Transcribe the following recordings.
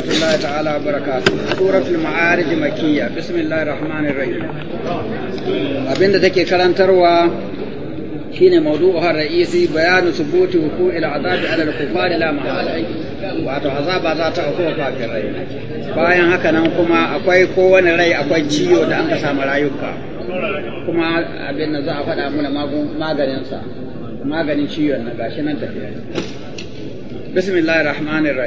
ورحمة الله تعالى وبركاته سورة المعارج مكية بسم الله الرحمن الرحيم أبين ذكي كلام تروى شين موضوعها الرئيسي بيان ثبوت وقوع العذاب على azaba za ta auko rai. bayan haka nan kuma akwai kowane rai akwai ciwo da an ka samu rayuka kuma abin da za a faɗa muna maganinsa maganin ciwon na gashi tafiya bismillahir rahmanir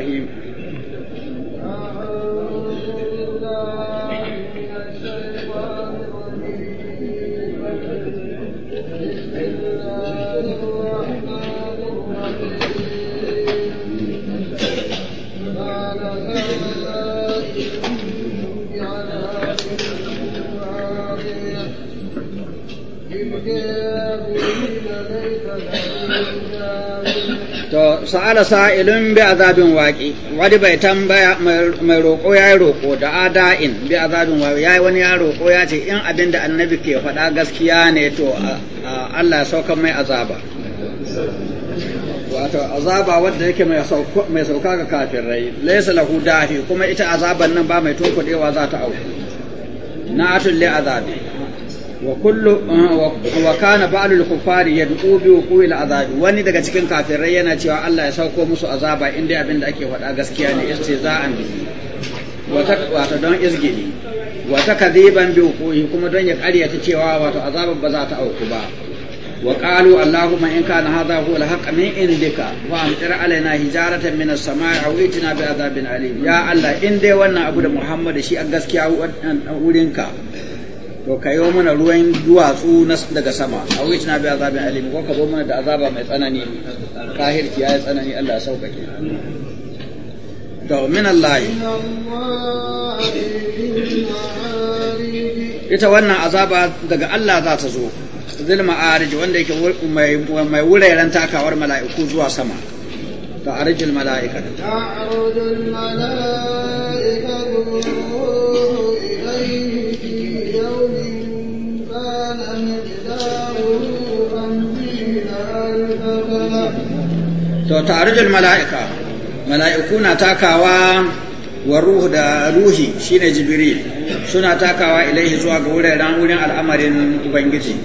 sa'ala sailin bi azabin waqi wani bai tambaya mai roƙo yayi roƙo da ada'in bi azabin waqi yayi wani ya roƙo ya ce in abin da annabi ke faɗa gaskiya ne to Allah ya sauka mai azaba wato azaba wadda yake mai sauka ga kafirai laysa lahu dafi kuma ita azaban nan ba mai tunkuɗewa za ta auku na'atul a azabi وكل وكان بعض الكفار يدعو بوقوع العذاب wani daga cikin kafirai yana cewa Allah ya sauko musu azaba in dai abin da ake faɗa gaskiya ne istiza'an bihi wata wato don izgili wata kadhiban bi wuquhi kuma don ya ƙaryata cewa wato azabar ba za ta auku ba wa qalu allahumma in kana hadha huwa al-haqq min indika wa amtir alaina hijaratan min as-sama'i aw itina bi adhabin alim ya Allah in dai wannan abu da Muhammad shi a gaskiya wurinka to ka yi mana ruwan duwatsu daga sama a wuce na biya azabin alim ko ka zo mana da azaba mai tsanani kahirki ya yi tsanani Allah ya sauƙaƙe to min Allah ita wannan azaba daga Allah za ta zo zil ma'arij wanda yake mai mai wuraren takawar mala'iku zuwa sama ta'arijul mala'ikatu ta'arujul mala'ikatu to ta'arujul mala'ika mala'iku na takawa wa ruhu da ruhi shine jibril suna takawa ilaihi zuwa ga wuraren wurin al'amarin ubangiji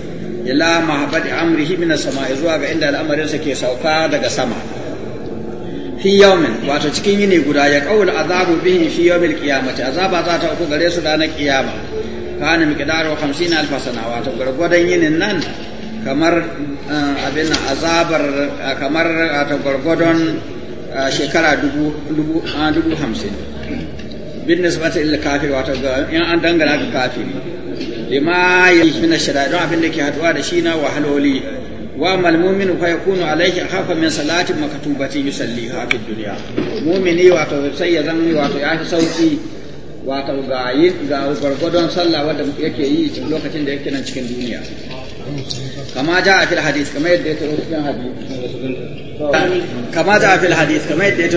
ila mahabbati amrihi min samai zuwa ga inda al'amarin sa ke sauka daga sama fi yawmin wato cikin yini guda ya kaula azabu bihi fi yawmil qiyamati azaba za ta uku gare su na kiyama kana miqdaru 50 alf sana wato gargwadan yinin nan kamar eh, abin azabar eh, kamar ta gwargwadon eh, shekara ah, dubu hamsin bin nisbata ila kafir ga in an dangana ga lima don abin da ke haduwa da shi na wahaloli wa mal fa yakunu alayhi hafa min salati fi dunya mu'mini wato sai ya zama wato ya fi sauki wato ga yi ga gwargwadon sallah wanda yake yi lokacin da yake nan cikin duniya كما جاء في الحديث كما يديت كان حديث كما جاء في الحديث كما يديت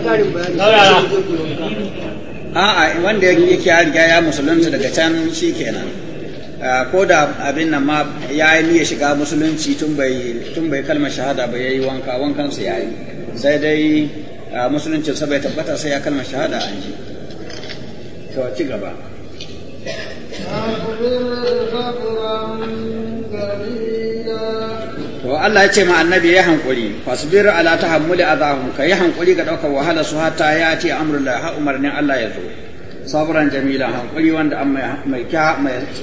كان حديث a'a wanda yake ya riga ya musulunci daga can shi kenan ko da abin nan ma ya yi niyyar shiga musulunci tun bai kalmar shahada ba ya yi wanka wankansa ya yi sai dai musulunci sabai tabbata sai ya kalmar shahada an ji to ci gaba to Allah ya ce ma annabi ya hankuri fasbiru ala tahammuli adahum ka ya hankuri ga daukar wahala su hata ya ce amrul ha umarnin Allah ya zo sabran jamila hankuri wanda mai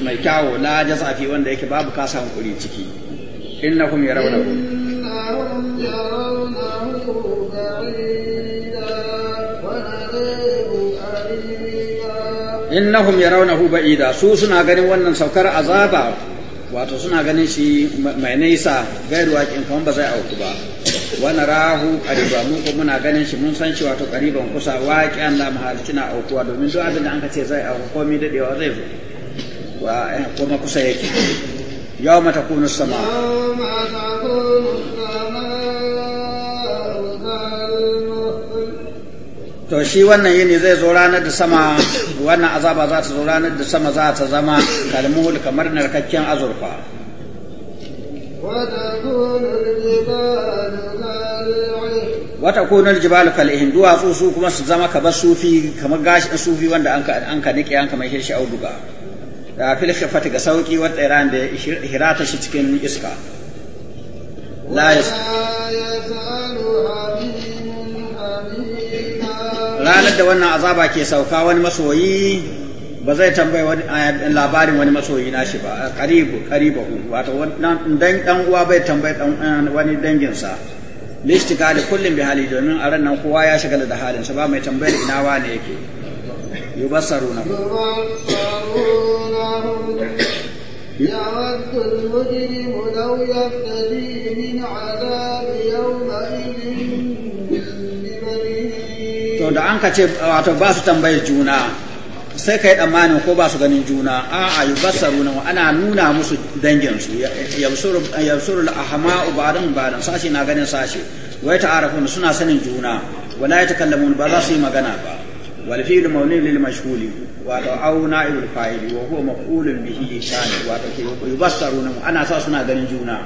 mai kyawo la jazafi wanda yake babu kasa hankuri ciki innakum yarawna innahum yarawnahu innahum yarawnahu ba'ida su suna ganin wannan saukar azaba wato suna ganin shi mai nisa gairu wakin kan ba zai auku ba wani rahu qariba mun ko muna ganin shi mun san shi wato qariban kusa waqi'an la mahalicina aukuwa domin duk abin da an ce zai auku ko mi dadewa zai zo wa eh, kuma kusa yake yawma takunu sama yawma takunu sama to shi wannan yini zai zo ranar da sama wannan azaba za ta zo ranar da sama za ta zama kalmuhul kamar narkakken azurfa wata kunar jibalu kal'ihin duwatsu su kuma su zama kamar sufi kamar da sufi wanda an ka nike an kamar shi auduga da filka fata ga sauki wadda iran da hirata shi cikin iska la yasa ranar da wannan azaba ke sauka wani masoyi ba zai tambayi wani eh, labarin wani masoyi na shi ba karibu karibahu wato dan dan uwa bai tambayi dan eh, wani danginsa lishtika da kullum bi hali domin a ranar kowa ya shiga da halinsa ba mai tambayar ina wane yake yubassaruna يود المجرم لو يفتدي من عذاب يوم da an ka ce wato ba su tambayar juna sai ka yi tsammanin ko ba su ganin juna a a yubassaru na ana nuna musu danginsu ya suru yabsuru al ubarin ba'dan sashi na ganin sashi wai ta ta'arafun suna sanin juna wala yatakallamun ba za su yi magana ba wal fi'lu lil mashhuli wato au na'ibul fa'ili wa huwa maf'ulun bihi shani wa ana sa suna ganin juna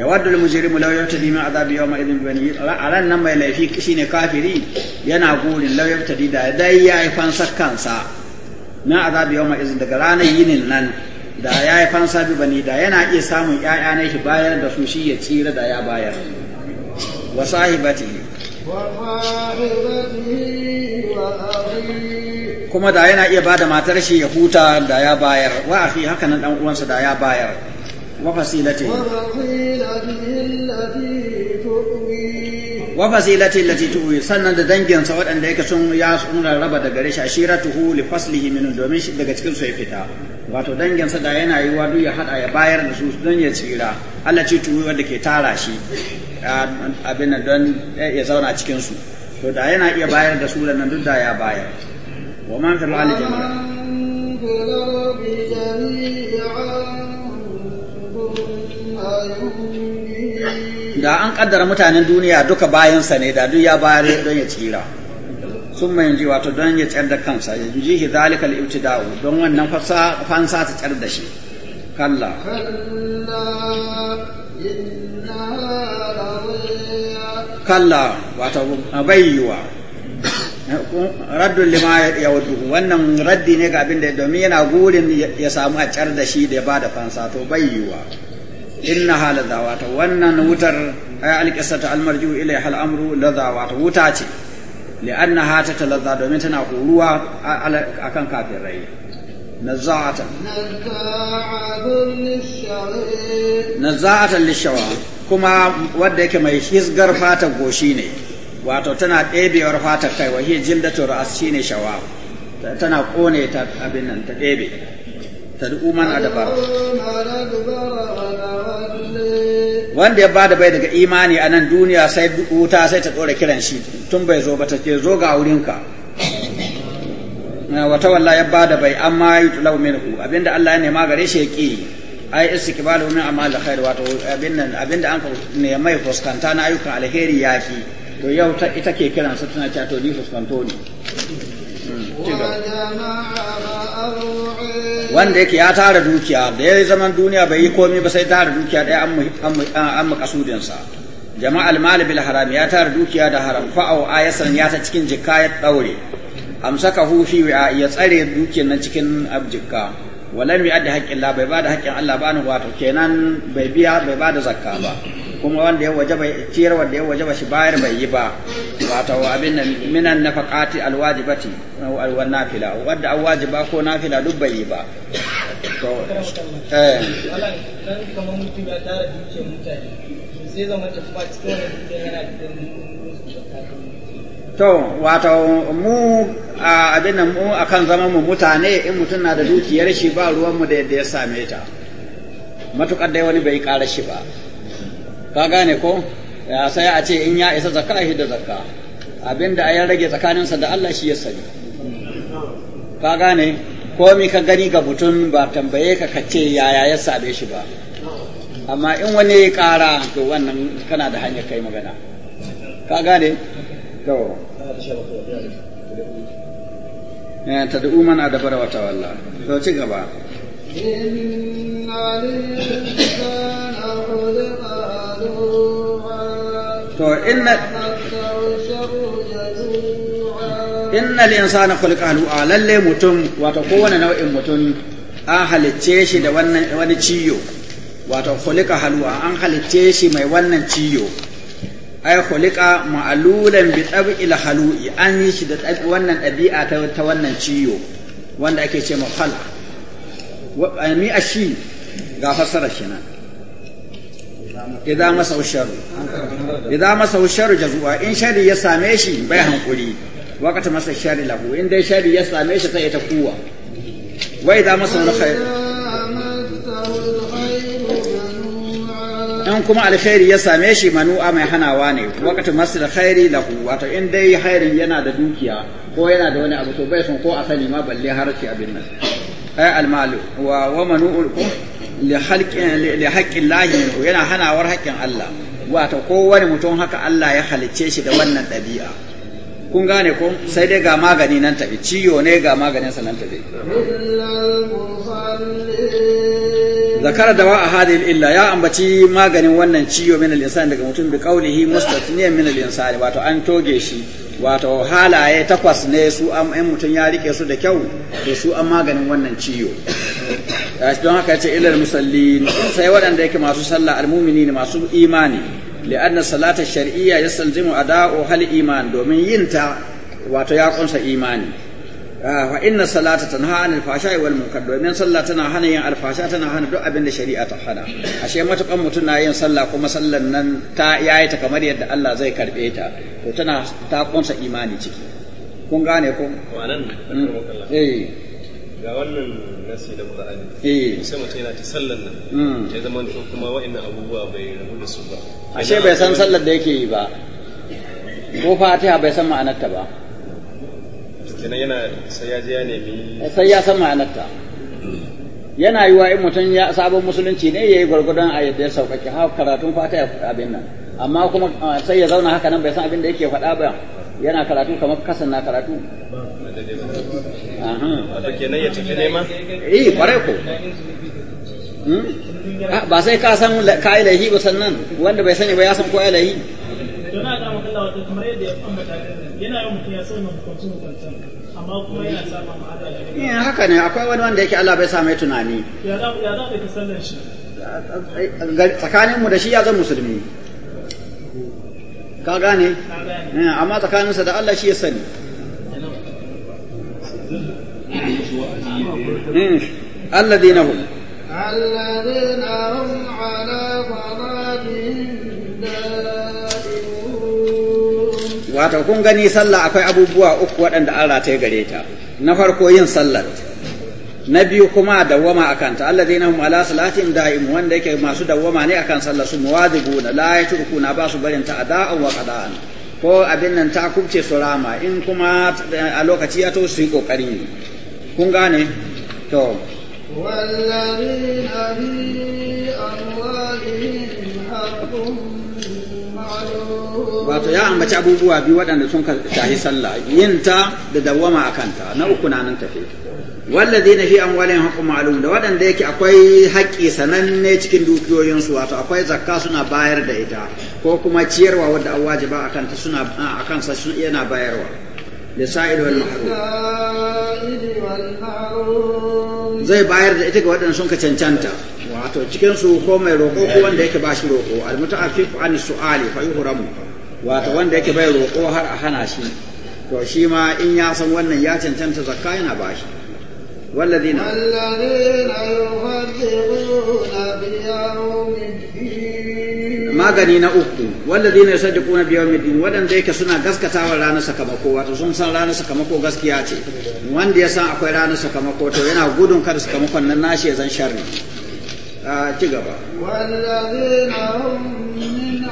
ya waddul mujrimu law yabtadi min azabi yawma idhin bi bani alan nan mai laifi shine kafiri yana gurin law yabtadi da dai yayi fansa kansa na azabi yawma idhin daga ranar yinin nan da yayi fansa bi bani da yana iya samun ƴaƴa shi bayar da su shi ya tsira da ya bayar kuma da yana iya da matar shi ya huta da ya bayar wa akhi haka nan uwansa da ya bayar وفصيلته وفصيلته التي تؤوي سنن da dangin waɗanda yake sun ya raba da gare shi ashiratuhu li faslihi min domin shi daga cikin su ya fita wato dangin sa da yana yiwa duk ya hada ya bayar da su don ya tsira Allah ce tuwi ke tara shi abin don ya zauna cikinsu su to da yana iya bayar da su da nan duk da ya bayar wa man fil jami'a da an kaddara mutanen duniya duka bayansa ne da duk ya bare don ya tsira sun mai ji wato don ya tsayar da kansa ya ji shi zalikal ibtida'u don wannan fansa ta tsayar da shi kalla kalla wato bayyuwa raddun lima ya wudu wannan raddi ne ga abin da domin yana gurin ya samu a tsayar da shi da ya ba da fansa to bayyuwa inna hala wata wannan wutar alƙisa ta almarju ilai al'amru la wata wuta ce an li'anna hata talazza domin tana horuwa a huruwa akan kafirai nazza'atan nazza'atan lishawa kuma wadda yake mai hisgar fata goshi ne wato tana ɗebewar fatar kai jin da jildatu ra'as shine shawa tana kone ta abin nan ta ɗebe tad'u man adabara wanda ya bada bai daga imani a nan duniya sai wuta sai ta tsora kiran shi tun bai zo ba ta ke zo ga wurinka wata walla ya bada bai amma yi tulau minhu abinda Allah ya nema gare shi ya ki ai istiqbalu min amal khair wato abinda abinda an ne mai fuskanta na ayyukan alheri ya ki to yau ita ke kiran su tana cewa to ni fuskanto ne wanda yake ya tara dukiya da ya zaman duniya bai yi komi ba sai tara dukiya ɗaya an mu makasudinsa jama'al mali bil haram ya tara dukiya da haram fa'au ayasan ya ta cikin jikka ya ɗaure amsaka hu fi ya tsare dukiyar nan cikin abjikka walam adda haƙƙin Allah bai bada haƙƙin Allah ba wato kenan bai biya bai bada zakka ba kuma wanda ya wajaba ciyar wanda ya wajaba shi bayar bai yi ba wato abin nan minan nafaqati alwajibati wal nafila wanda an wajiba ko nafila duk bai yi ba to eh kamar mutum ya tara dukiyar mutane sai zama tafiya cikin yana to wato mu abin nan mu akan zama mu mutane in mutum na da dukiyar shi ba ruwan mu da yadda ya same ta matukar dai wani bai ƙara shi ba ka gane ko ya sai a ce in ya isa zakka shi da zakka abinda a ya rage tsakaninsa da Allah shi ya sani ka gane ko mi ka gani ga mutum ba tambaye ka kace yaya ya sabe shi ba amma in wani ya kara to wannan kana da hanyar kai magana ka gane to tad'u na adabara wata walla, to ci gaba inna lillahi wa inna ilaihi to inna innal insana khuliqa halu'a lalle mutum wato kowane nau'in mutum an halicce shi da wannan wani ciyo wato khuliqa halu'a an halicce shi mai wannan ciyo ai khuliqa ma'lulan bi tab'il halu'i an yi shi da wannan ɗabi'a ta, ta wannan ciyo wanda ake ce ma khala wa mi ashi ga fassara shi nan idza masa sharru idza masa sharru jazua in shari ya same shi bai hankuri wakata masa shari lahu in dai shari ya same shi sai ya ta wai wa idza masa alkhair in kuma alkhairi ya same shi manu'a mai hanawa ne wakata masa alkhairi lahu wato in dai khairin yana da dukiya ko yana da wani abu to bai son ko asali ma balle har ci abin nan ai almalu wa wa manu'ul li haƙƙin lahi yana hanawar haƙƙin Allah wato kowane mutum haka Allah ya halicce shi da wannan ɗabi'a kun gane ko sai dai ga magani nan tafi ciyo ne ga maganin sa nan tafi zakara da a hadil illa ya ambaci maganin wannan ciyo min al-insan daga mutum bi qawlihi mustatniyan min al-insan wato an toge shi wato halaye takwas ne su an mutum ya rike su da kyau to su an maganin wannan ciyo Eh, don haka ce ilal musallin sai waɗanda yake masu sallah almumini ne masu imani li'anna salata shar'iyya yastalzimu ada'u hal iman domin yin ta wato ya kunsa imani eh, fa inna salata tanha anil fashai wal munkar domin sallah tana hana yin alfasha tana hana duk abin da shari'a ta hana ashe matukan mutum na yin sallah kuma sallan nan ta yayi ta kamar yadda Allah zai karbe ta to tana ta kunsa imani ciki kun gane ko mm. eh ga wannan nasi da eh sai yana ta nan hmm. ya zama to kuma wa'annan abubuwa bai rabu da su ba ashe bai san sallar da yake yi ba ko Fatiha bai san ma'anarta ba kenan yana sai ya je ya nemi sai ya san ma'anarta yana yi wa in mutum ya sabon musulunci ne ya yi gwargwadon a yadda ya sauƙaƙe ha karatun fata Fatiha abin nan amma kuma sai ya zauna haka nan bai san abin da yake faɗa ba yana karatu kamar kasan na karatu wato kenan ya tafi nema eh kware ko hmm? ah, ba sai ka san ka yi laihi ba sannan wanda bai sani ba ya san ko ya laihi yana da makalla wato kamar yadda ya ambata yana yawan mutum ya san hukunci hukuncin amma kuma yana samun ma'ada da eh, haka ne akwai wani wanda yake Allah bai sa mai tunani ya za ya za ka sallar shi tsakaninmu da shi ya zan musulmi ka gane eh, amma tsakaninsa da Allah shi ya sani الذين هم الذين هم على kun gani sallah akwai abubuwa uku waɗanda an rataye gare ta na farko yin sallar na biyu kuma dawwama kanta Allah zai hum ala salatin da'im wanda yake masu dawwama ne akan sallar su muwadibuna la na ba su barin ta wa qada'an ko abin nan ta kubce su rama in kuma eh, a lokaci ya to su yi kokari kun gane to wato ya ambaci abubuwa biyu waɗanda sun shahi sallah yin ta da dawwama a kanta na uku na nan tafi. na shi an أموالهم حق معلوم da waɗanda yake akwai haƙƙi sananne cikin dukiyoyinsu wato akwai zakka suna bayar da ita ko kuma ciyarwa wadda an wajiba akan ta suna akan sa yana bayarwa da sa'id wal mahrum zai bayar da ita ga waɗanda sun ka cancanta wato cikin su ko mai roƙo ko wanda yake shi roƙo al muta'affifu an su'ali fa yuhramu wato wanda yake bai roƙo har a hana shi to shi ma in ya san wannan ya cancanta zakka yana ba shi. walladina magani na uku walladina ya san da kuna biyar mai biyu waɗanda ya suna gaskata wa ranar sakamako wata sun san ranar sakamako gaskiya ce wanda ya san akwai ranar sakamako to yana gudun kar sakamakon nan na shi ya zan shan ri cigaba. walladina a ungu min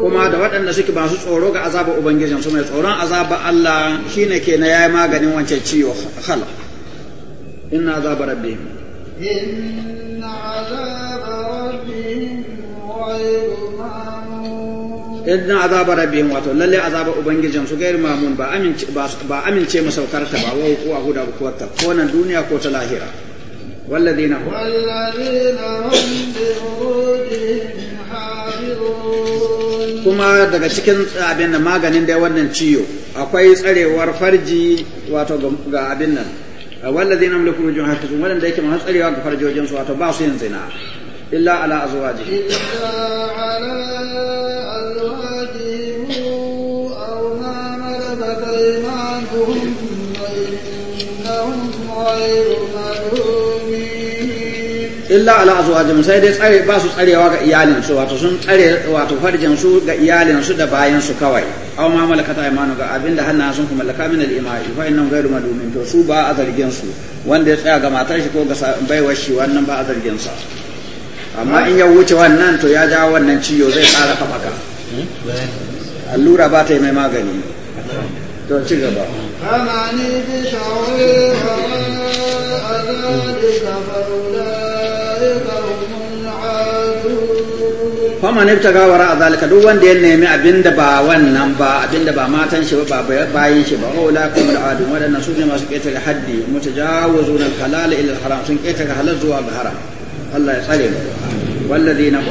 kuma da waɗanda suke ba tsoro ga azaba ubangijin su mai tsoron azaba Allah shi ne ke na yi maganin wancan ciwo khala inna azaba rabbihim inna azaba rabbihim inna azaba rabbihim wato lalle azaba ubangijin su gairi mamun ba amince ba amince masaukarta ba wa hukuwa huda hukuwarta ko nan duniya ko ta lahira والذين هم والذين هم بفروجهم kuma daga cikin eh, abin da maganin da wannan ciyo akwai tsarewar farji wato ga abin nan wanda zai namla kurujin hafisun wanda yake masu tsarewa ga farjojin su wato ba su yin zina illa ala azwaji illa illa ala azwajin sai dai tsare ba su tsarewa ga iyalin su wato sun tsare wato farjin su ga iyalin su da bayan su kawai aw ma malakata imanu ga abinda hanna sun kuma malaka min al imani fa innahu ghayru madumin to su ba a zargin su wanda ya tsaya ga matar shi ko ga baiwar shi wannan ba a zargin sa amma in ya wuce wannan to ya jawo wannan ciyo zai ƙara tafaka allura ba ta yi mai magani to ci gaba bi ta ibtaga wara zalika duk wanda ya nemi abinda ba wannan ba abinda ba matan shi ba ba bayin shi ba wala kuma al'adu wadannan su ne masu ketare haddi mutajawizuna al-halal ila al-haram sun ketare halal zuwa ga haram Allah ya tsare mu والذين هم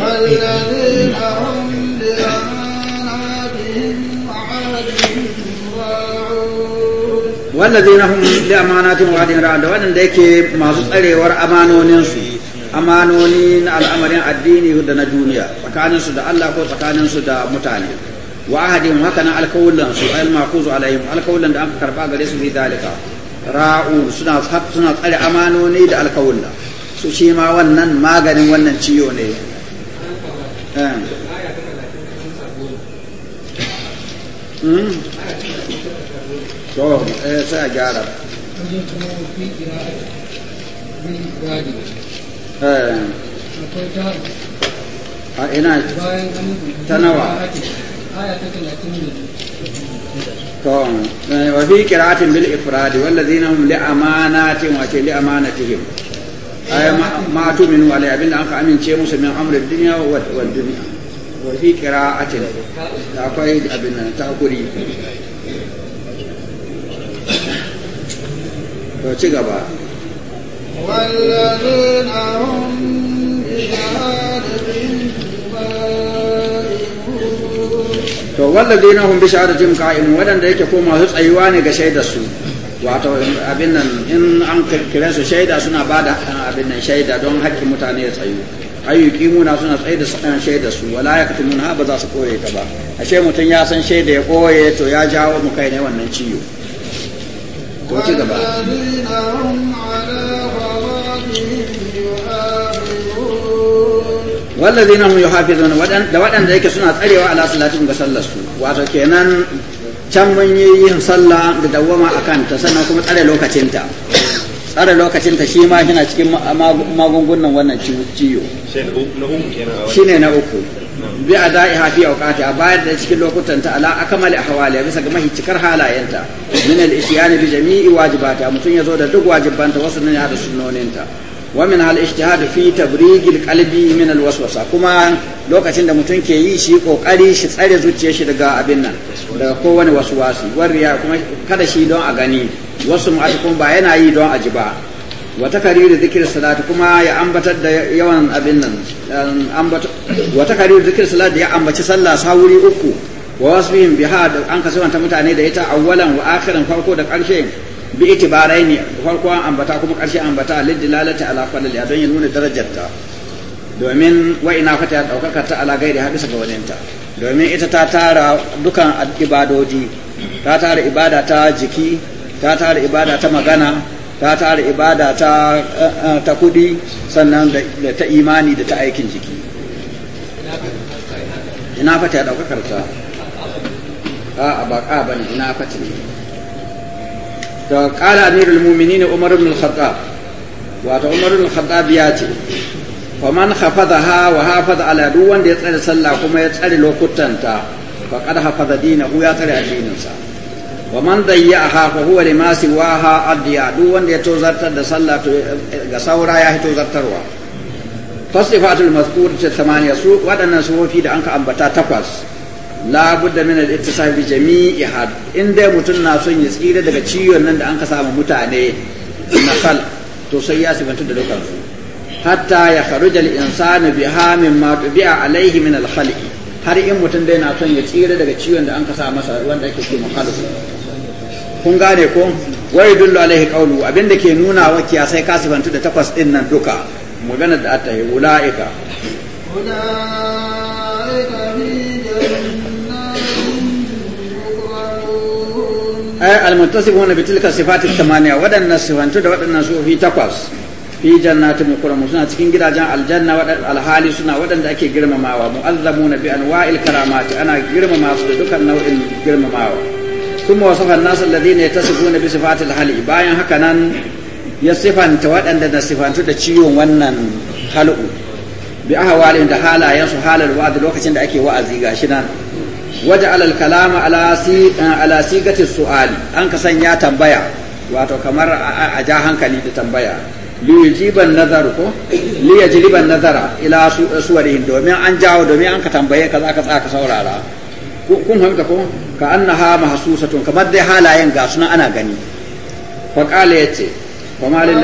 والذين هم لأماناتهم وعدهم راعون وأن ذلك ما تصري ورأمانون ينسوا amanoni na al'amarin addini da na duniya tsakaninsu da Allah ko tsakaninsu da mutane wa ahadin haka na alkawulan su al maquzu alaihim alkawulan da aka karba gare su bi dalika ra'u suna suna tsare amanoni da alkawulla su shi ma wannan maganin wannan ciyo ne eh. hmm? to eh, sai a هنا إيه، نعم. تنوع وفي قراءة بالإفراد والذين هم لأماناتهم وشيء لأمانتهم أي ما تؤمنوا عليه أبن أنك أمن شيء من أمر الدنيا والدنيا وفي قراءة أقول أبن تأكلي وشي والذين هم to na hum bi shahadatin qa'im wadanda yake ko masu tsayuwa ne ga shaidar su wato abin nan in an kiran su shaida suna bada eh, abin nan shaida don haƙƙin mutane ya tsayu ayyukimuna suna tsaye da eh, shaida su wala ya katumun ha ba za su kore ta ba ashe mutum ya san shaida ya koye to ya jawo mu kai ne wannan ciwo to ci gaba wallazina hum yuhafizuna da waɗanda yake suna tsarewa ala salatihim ga sallar su wato kenan can mun yi yin sallah da dawama akan ta sannan kuma tsare lokacinta tsare lokacinta shi ma yana cikin magungunan wannan ciwo shi ne na uku bi a da'i hafi a wakati a bayar da cikin lokutan ta ala akamali a hawali bisa ga mahicikar halayenta min al-isyani bi jami'i wajibata mutum ya zo da duk wajibanta wasu ne da sunnoninta ومن الاجتهاد في تبريج القلب من الوسوسة كما لو كتن دا متون كي يشي قوقري شي تساري tsare شي daga abin nan daga kowane waswasi wariya kada shi don a gani wasu mu kuma ba yana yi don a ba wa takariri zikir salati kuma ya ambatar da yawan abin nan wa takariri zikir salati ya ambaci sallah sawuri uku wa wasbihim biha an kasanta mutane da ita awwalan wa akhiran farko da karshe bi itibarai ne farko an ambata kuma ƙarshe ambata lil lalata ala a don ya nuna darajarta domin wa ina fata ya daukaka ta ala gairi hadisa ga waninta domin ita ta tara dukan ibadoji ta tara ibada ta jiki ta tara ibada ta magana ta tara ibada ta eh, eh, ta kudi sannan da ta imani da ta aikin jiki ina fata ya daukakar ta a ba ka bane ina fata ne to qala amirul mu'minin umar ibn al-khattab ala duk wanda ya tsare sallah kuma ya tsare lokutanta faqad hafaza dinahu ya tsare addininsa wa man dayya'aha fa huwa lima siwaha adiya duk wanda ya tozartar da sallah to ga saura ya hito zartarwa fasifatul mazkur ta 8 su waɗannan da ambata takwas la budda min al-ittisaf bi jami'iha in dai mutum na son ya tsira daga ciwon nan da an ka samu mutane nakal to sai ya sibanta da dukkan su hatta ya kharuja al-insanu hamin ma tubi'a alayhi min al-khaliq har in mutum dai na son ya tsira daga ciwon da an ka samu masa wanda ake ce muhallu kun gane ko wai dullu alaihi qawlu abinda ke nuna wa kiyasai ka sibanta da takwas din nan duka magana da ta yi ula'ika ula'ika almuntasibuna bi tilka sifati tamaniya wadannan sifantu da su fi takwas fi jannatin mukarramu suna cikin gidajen aljanna alhali suna wadanda ake girmamawa mu'azzamuna bi anwa'il karamati ana girmama su da dukkan nau'in girmamawa kuma wasafa an-nas alladhina yatasifuna bi sifati al bayan haka nan ya sifanta wadanda da sifantu da ciwon wannan halu bi ahwalin da halayen su halar wa'azi lokacin da ake wa'azi gashi nan waje al-kalam ala si eh, ala sigati su'ali an ka sanya tambaya wato kamar a ja hankali da tambaya liyujiban nazar ko liyajliban nazara ila eh, suwarihim domin an jawo domin an ka tambaye ka za ka tsaka saurara kun fahimta ko ka annaha mahsusatun kamar dai halayen ga suna ana gani fa qala yace wa malil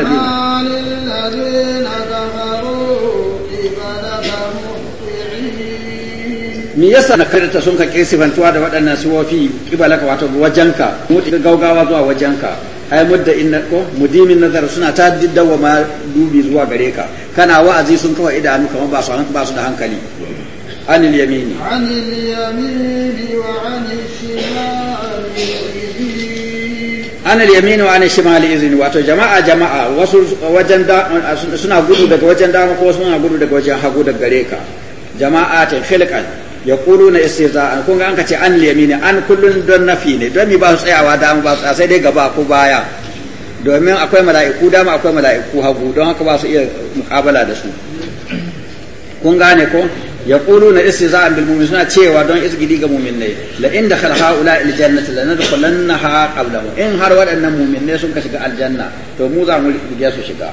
me yasa na firta sun ka kisifantuwa da waɗannan siwofi kibalaka wato wajenka mutu gaugawa zuwa wajenka ai mudda inna ko mudimin nazar suna ta diddawa ma dubi zuwa gare ka kana wa'azi sun kawai idanu kamar ba su ba su da hankali anil yamini anil yamini wa anil shimali anil yamini wa anil shimali izin wato jama'a jama'a wasu wajen da suna gudu daga wajen dama ko suna gudu daga wajen hagu daga gare ka jama'a ta khilqan yaquluna istihza'an kun ga an kace an liyamini an kullun don nafi ne don mi ba su tsayawa da ba su sai dai gaba ko baya domin akwai mala'iku dama akwai mala'iku hagu don haka ba su iya muqabala da su kun gane ko yaquluna istihza'an bil mu'min suna cewa don izgidi ga ne la in dakhal haula al jannati lanadkhulannaha qablahu in har mu'min ne sun ka shiga aljanna to mu za mu riga su shiga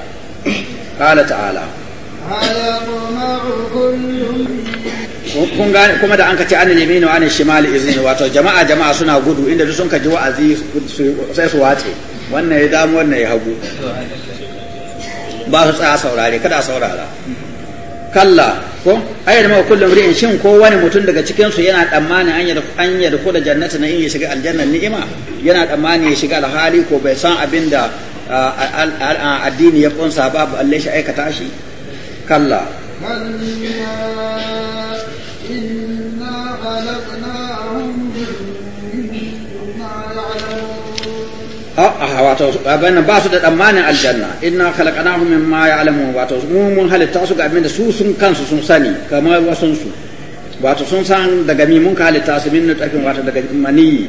qala ta'ala أيطمع كل kun gane kuma da an ka ce an limina wa an shimali izini wato jama'a jama'a suna gudu inda duk sun ka ji wa'azi sai su wace wannan ya damu wannan ya hagu ba su tsaya saurare kada saurara kalla ko ayyar ma kullum ri'in shin ko wani mutum daga cikin su yana tsammani an yi da kula na in ya shiga aljanna ni'ima yana tsammani ya shiga alhali ko bai san abinda da addini ya kunsa ba balle shi aikata shi kalla Ah, ah, wato abin ba su da tsammanin aljanna inna khalaqnahum mimma ya'lamun wato mu mun halitta su ga abin da su sun kansu sun sani kamar wasan su wato sun san daga mi mun halitta su min wato daga maniyi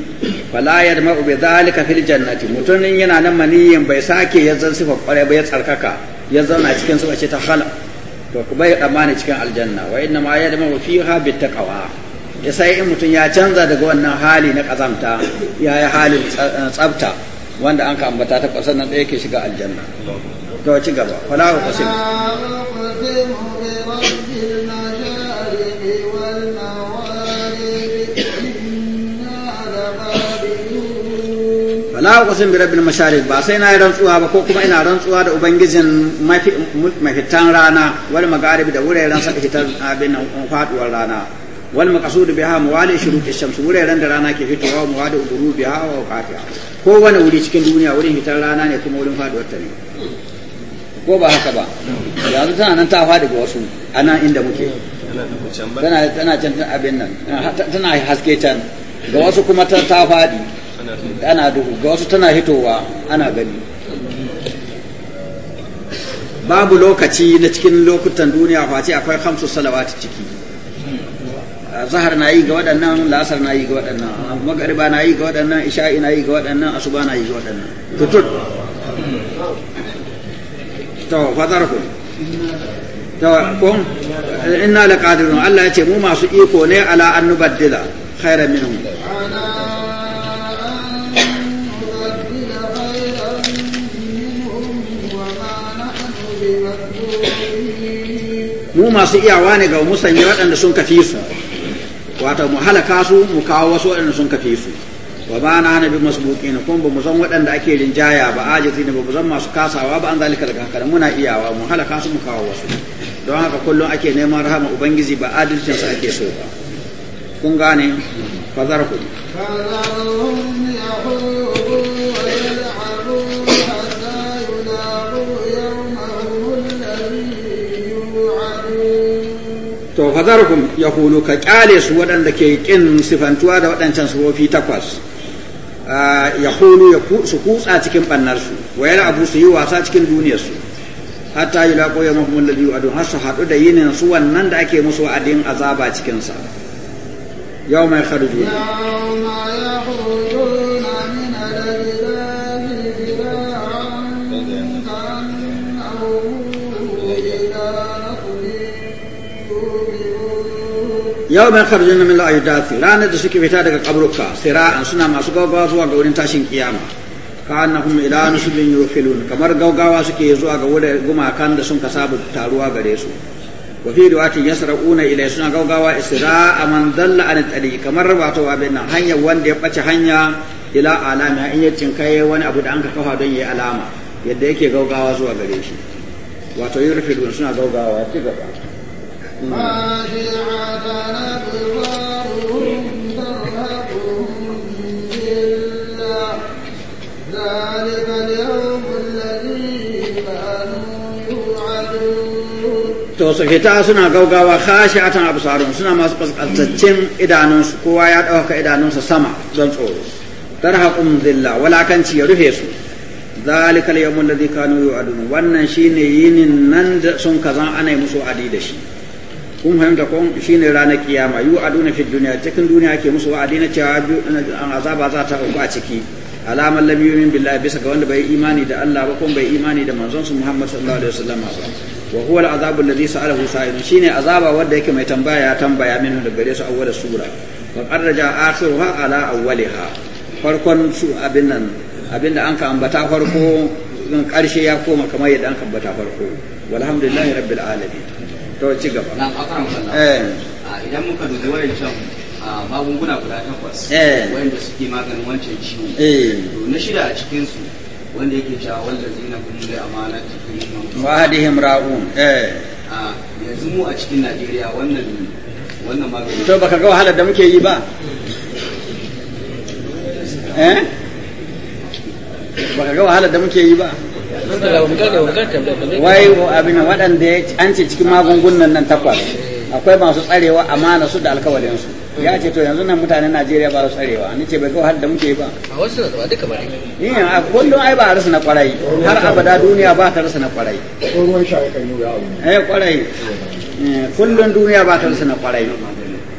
fala bi dhalika fil jannati mutun yana nan maniyin bai sake ya zan sifa kware ba ya tsarkaka ya zauna cikin su ta khala to ku bai cikin aljanna wa inna ma yadma'u fiha bit taqwa ya sai in mutun ya canza daga wannan hali na kazamta ya yi halin tsabta wanda an ka ambata ta kwasan nan ɗaya ke shiga aljanna to ci gaba fala ku qasim fala ku qasim bi rabbil masharib ba sai na yi rantsuwa ba ko kuma ina rantsuwa da ubangijin mafitan rana wal magharibi da wuraren saka fitar abin faduwar rana والمقصود بها موالي شروط الشمس ولي رند رانا كيف توا موالي غروبها وأوقاتها kowane wuri cikin duniya wurin hitar rana ne kuma wurin faduwar ta ne ko ba haka ba yanzu tana nan ta faɗi ga wasu a nan inda muke tana tana can abin nan tana haske can ga wasu kuma ta faɗi ana duhu ga wasu tana hitowa ana gani babu lokaci na cikin lokutan duniya face akwai hamsu salawati ciki zahar na yi ga waɗannan la'asar na yi ga waɗannan magariba na yi ga waɗannan isha'i na yi ga waɗannan asuba na yi ga waɗannan tutut to fadarku to kun inna laqadirun Allah ya ce mu masu iko ne ala an nubaddila khairan minhum mu masu iyawa ne ga musanye waɗanda sun kafi su wato mu halaka su mu kawo wasu waɗanda sun kafe su wa ba na nabi na kuma ba mu san waɗanda ake rinjaya ba ajizi ne ba san masu kasawa ba an zalika daga haka muna iyawa mu halaka su mu kawo wasu don haka kullum ake neman rahama ubangiji ba adalcin sa ake so ba kun gane fazar ku to fazarhum yahulu ka kyale su waɗanda ke kin sifantuwa da waɗancan sufofi takwas ah, ya hulu su kutsa cikin bannar su wa yana abu su yi wasa cikin duniyar su hatta yi laƙo ya mahimmin lalli a har su haɗu da yinin su wannan da ake musu wa'adin azaba cikinsa yau mai kharju yau mai na min al-ajdasi ranar da suke fita daga kaburka sira'an suna masu gaugawa zuwa ga wurin tashin kiyama ka annahum ila nusbin yufilun kamar gaugawa suke zuwa ga wurin gumakan da sun kasabu taruwa gare su wa fi riwati yasra'una ila suna gaugawa isra'a man dalla an tariqi kamar wato abin nan hanyar wanda ya bace hanya ila alama in ya cinkaye wani abu da an ka kafa don yayi alama yadda yake gaugawa zuwa gare shi wato yurfilun suna gaugawa ci gaba خاشعة to su fita suna gaugawa khashi'atan absarun suna masu kaskantaccen idanunsu kowa ya ɗauka idanunsa sama don tsoro tarhaqum zilla walakanci ya rufe su ذلك اليوم الذي كانوا يوعدون wannan shine yinin nan da sun kaza ana musu adi da shi kun fahimta ko shine ranar kiyama yu aduna fi duniya cikin duniya ke musu wa'adi na cewa an azaba za ta auku a ciki alama lam yu'min billahi bisa ga wanda bai imani da Allah ba kuma bai imani da manzonsu su Muhammad sallallahu alaihi wasallam ba wa huwa al'azabu alladhi sa'alahu sa'ilun shine azaba wanda yake mai tambaya tambaya min da gare su awwal sura wa qarraja akhiruha ala awwaliha farkon su abin nan abinda an ka ambata farko karshe ya koma kamar yadda an ka ambata farko walhamdulillahi rabbil alamin to ci gaba nan akaran eh idan muka dubi can magunguna guda takwas eh. da suke maganin wancan ciwo eh. to na shida a cikin su wanda yake cewa wallazi na kun da amana cikin wa hadihim ra'un eh yanzu mu a cikin Najeriya wannan wannan magani to baka ga wahalar da muke yi ba eh baka ga wahalar da muke yi ba wai abin waɗanda an ce cikin magungunan nan takwas akwai masu tsarewa amana su da alkawalin ya ce to yanzu nan mutanen Najeriya ba su tsarewa ni ce bai kawo har da muke ba a wasu na ba duka bane ni a kullum ai ba a rasa na kwarai har abada duniya ba ta rasa na kwarai eh kwarai eh, kullum duniya ba ta rasa na kwarai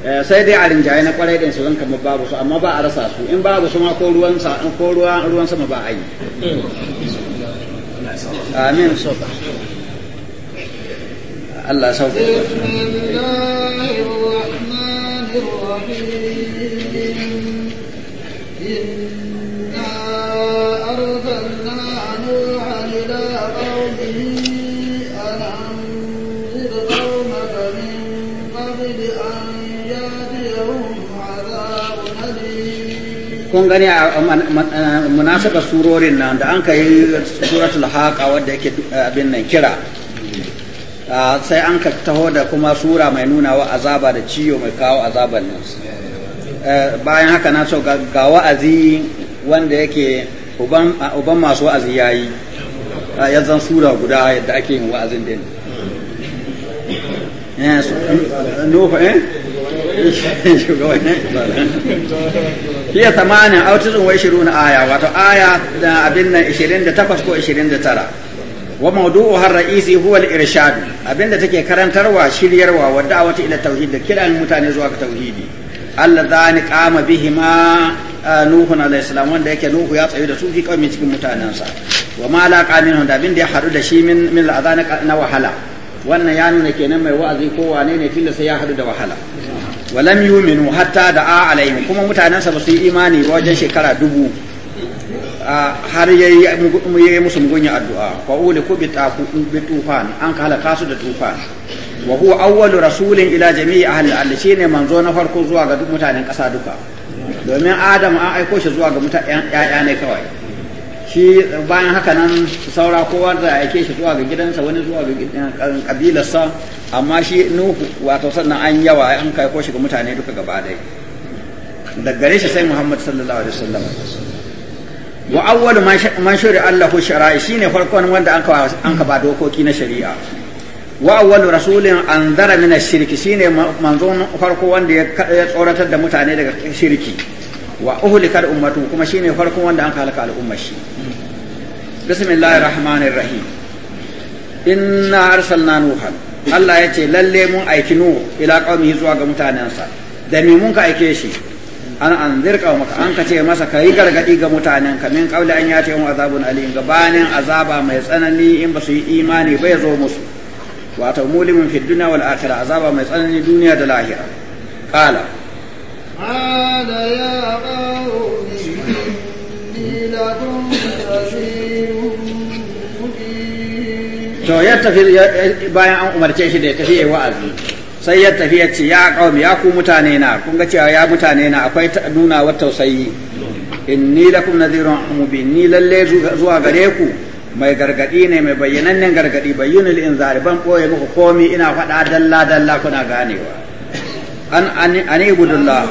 eh, sai dai a rinjaye na kwarai din su zan kama babu su amma ba a rasa su in babu su ma ko ruwan sama ba a yi آمين amin الله sauka بسم الله الرحمن الرحيم kun gani a munasaba surorin nan da an ka yi suratul haqa wadda yake eh, abin nan kira sai an ka taho da kuma sura mai nuna wa azaba da ciyo mai kawo azaban nan eh, bayan haka na so ga wa'azi wanda yake uban masu wa'azi yi ya zan sura guda yadda ake yin wa'azin din no, eh, eh? hiya samanin aw wai shiru na aya wato aya da abin nan takwas ko tara wa mawdu'u har ra'isi huwa al-irshad da take karantarwa shiryarwa wa da'awati ila tauhid da kiran mutane zuwa ga tauhidi alladhani qama bihima nuhun alayhi salam wanda yake nuhu ya tsayu da su fi kawai cikin mutanensa wa ma alaqa minhu da abin da ya hadu da shi min min na wahala wannan ya nuna kenan mai wa'azi ko wane ne tilla sai ya hadu da wahala walam yuminu hatta da a alaihim kuma mutanensa ba su yi imani ba wajen shekara dubu har ya yi musu mugunya addu'a fa uli ku bi tufan an ka halaka su da tufan wa huwa awwalu rasulin ila jami'i ahli al shine manzo na farko zuwa ga duk mutanen ƙasa duka domin adam an aiko shi zuwa ga mutanen ƴaƴa ne kawai shi bayan haka nan saura kowa da aike shi zuwa ga gidansa wani zuwa ga eh, kabilarsa amma shi nuhu wato sannan an yawa an kai ko shi ga mutane duka gaba ɗaya da gare shi sai muhammad sallallahu alaihi wasallam wa awwal man shari'a Allah shara'i shine farkon wanda an ka an ka ba dokoki na shari'a wa awwalu rasulin anzara min ash-shirki shine manzon farko wanda ya tsoratar da mutane daga shirki wa uhlikar ummatu kuma shine farkon wanda an halaka al'ummar shi bismillahir rahmanir rahim inna arsalna nuha Allah ya ce lalle mun aiki nuhu ila qaumi zuwa ga mutanensa da me mun ka aike shi an anzir an ka masa kai gargadi ga mutanen ka min qawli an yati mu azabun alim gabanin azaba mai tsanani in ba su yi imani ba zo musu wato mulimin fid dunya wal akhirah azaba mai tsanani duniya da lahira qala قال يا قوم إني لكم to ya tafi bayan an umarce shi da ya tafi yi wa'azi sai ya tafi ya ce ya qaumi ya ku mutane na kun ga cewa ya mutane na akwai nuna wa tausayi da lakum nazirin mubin ni lalle zuwa gare ku mai gargadi ne mai bayyanannen gargadi bayyinul in ban boye muku komi ina faɗa dalla dalla kuna ganewa an an ibudullah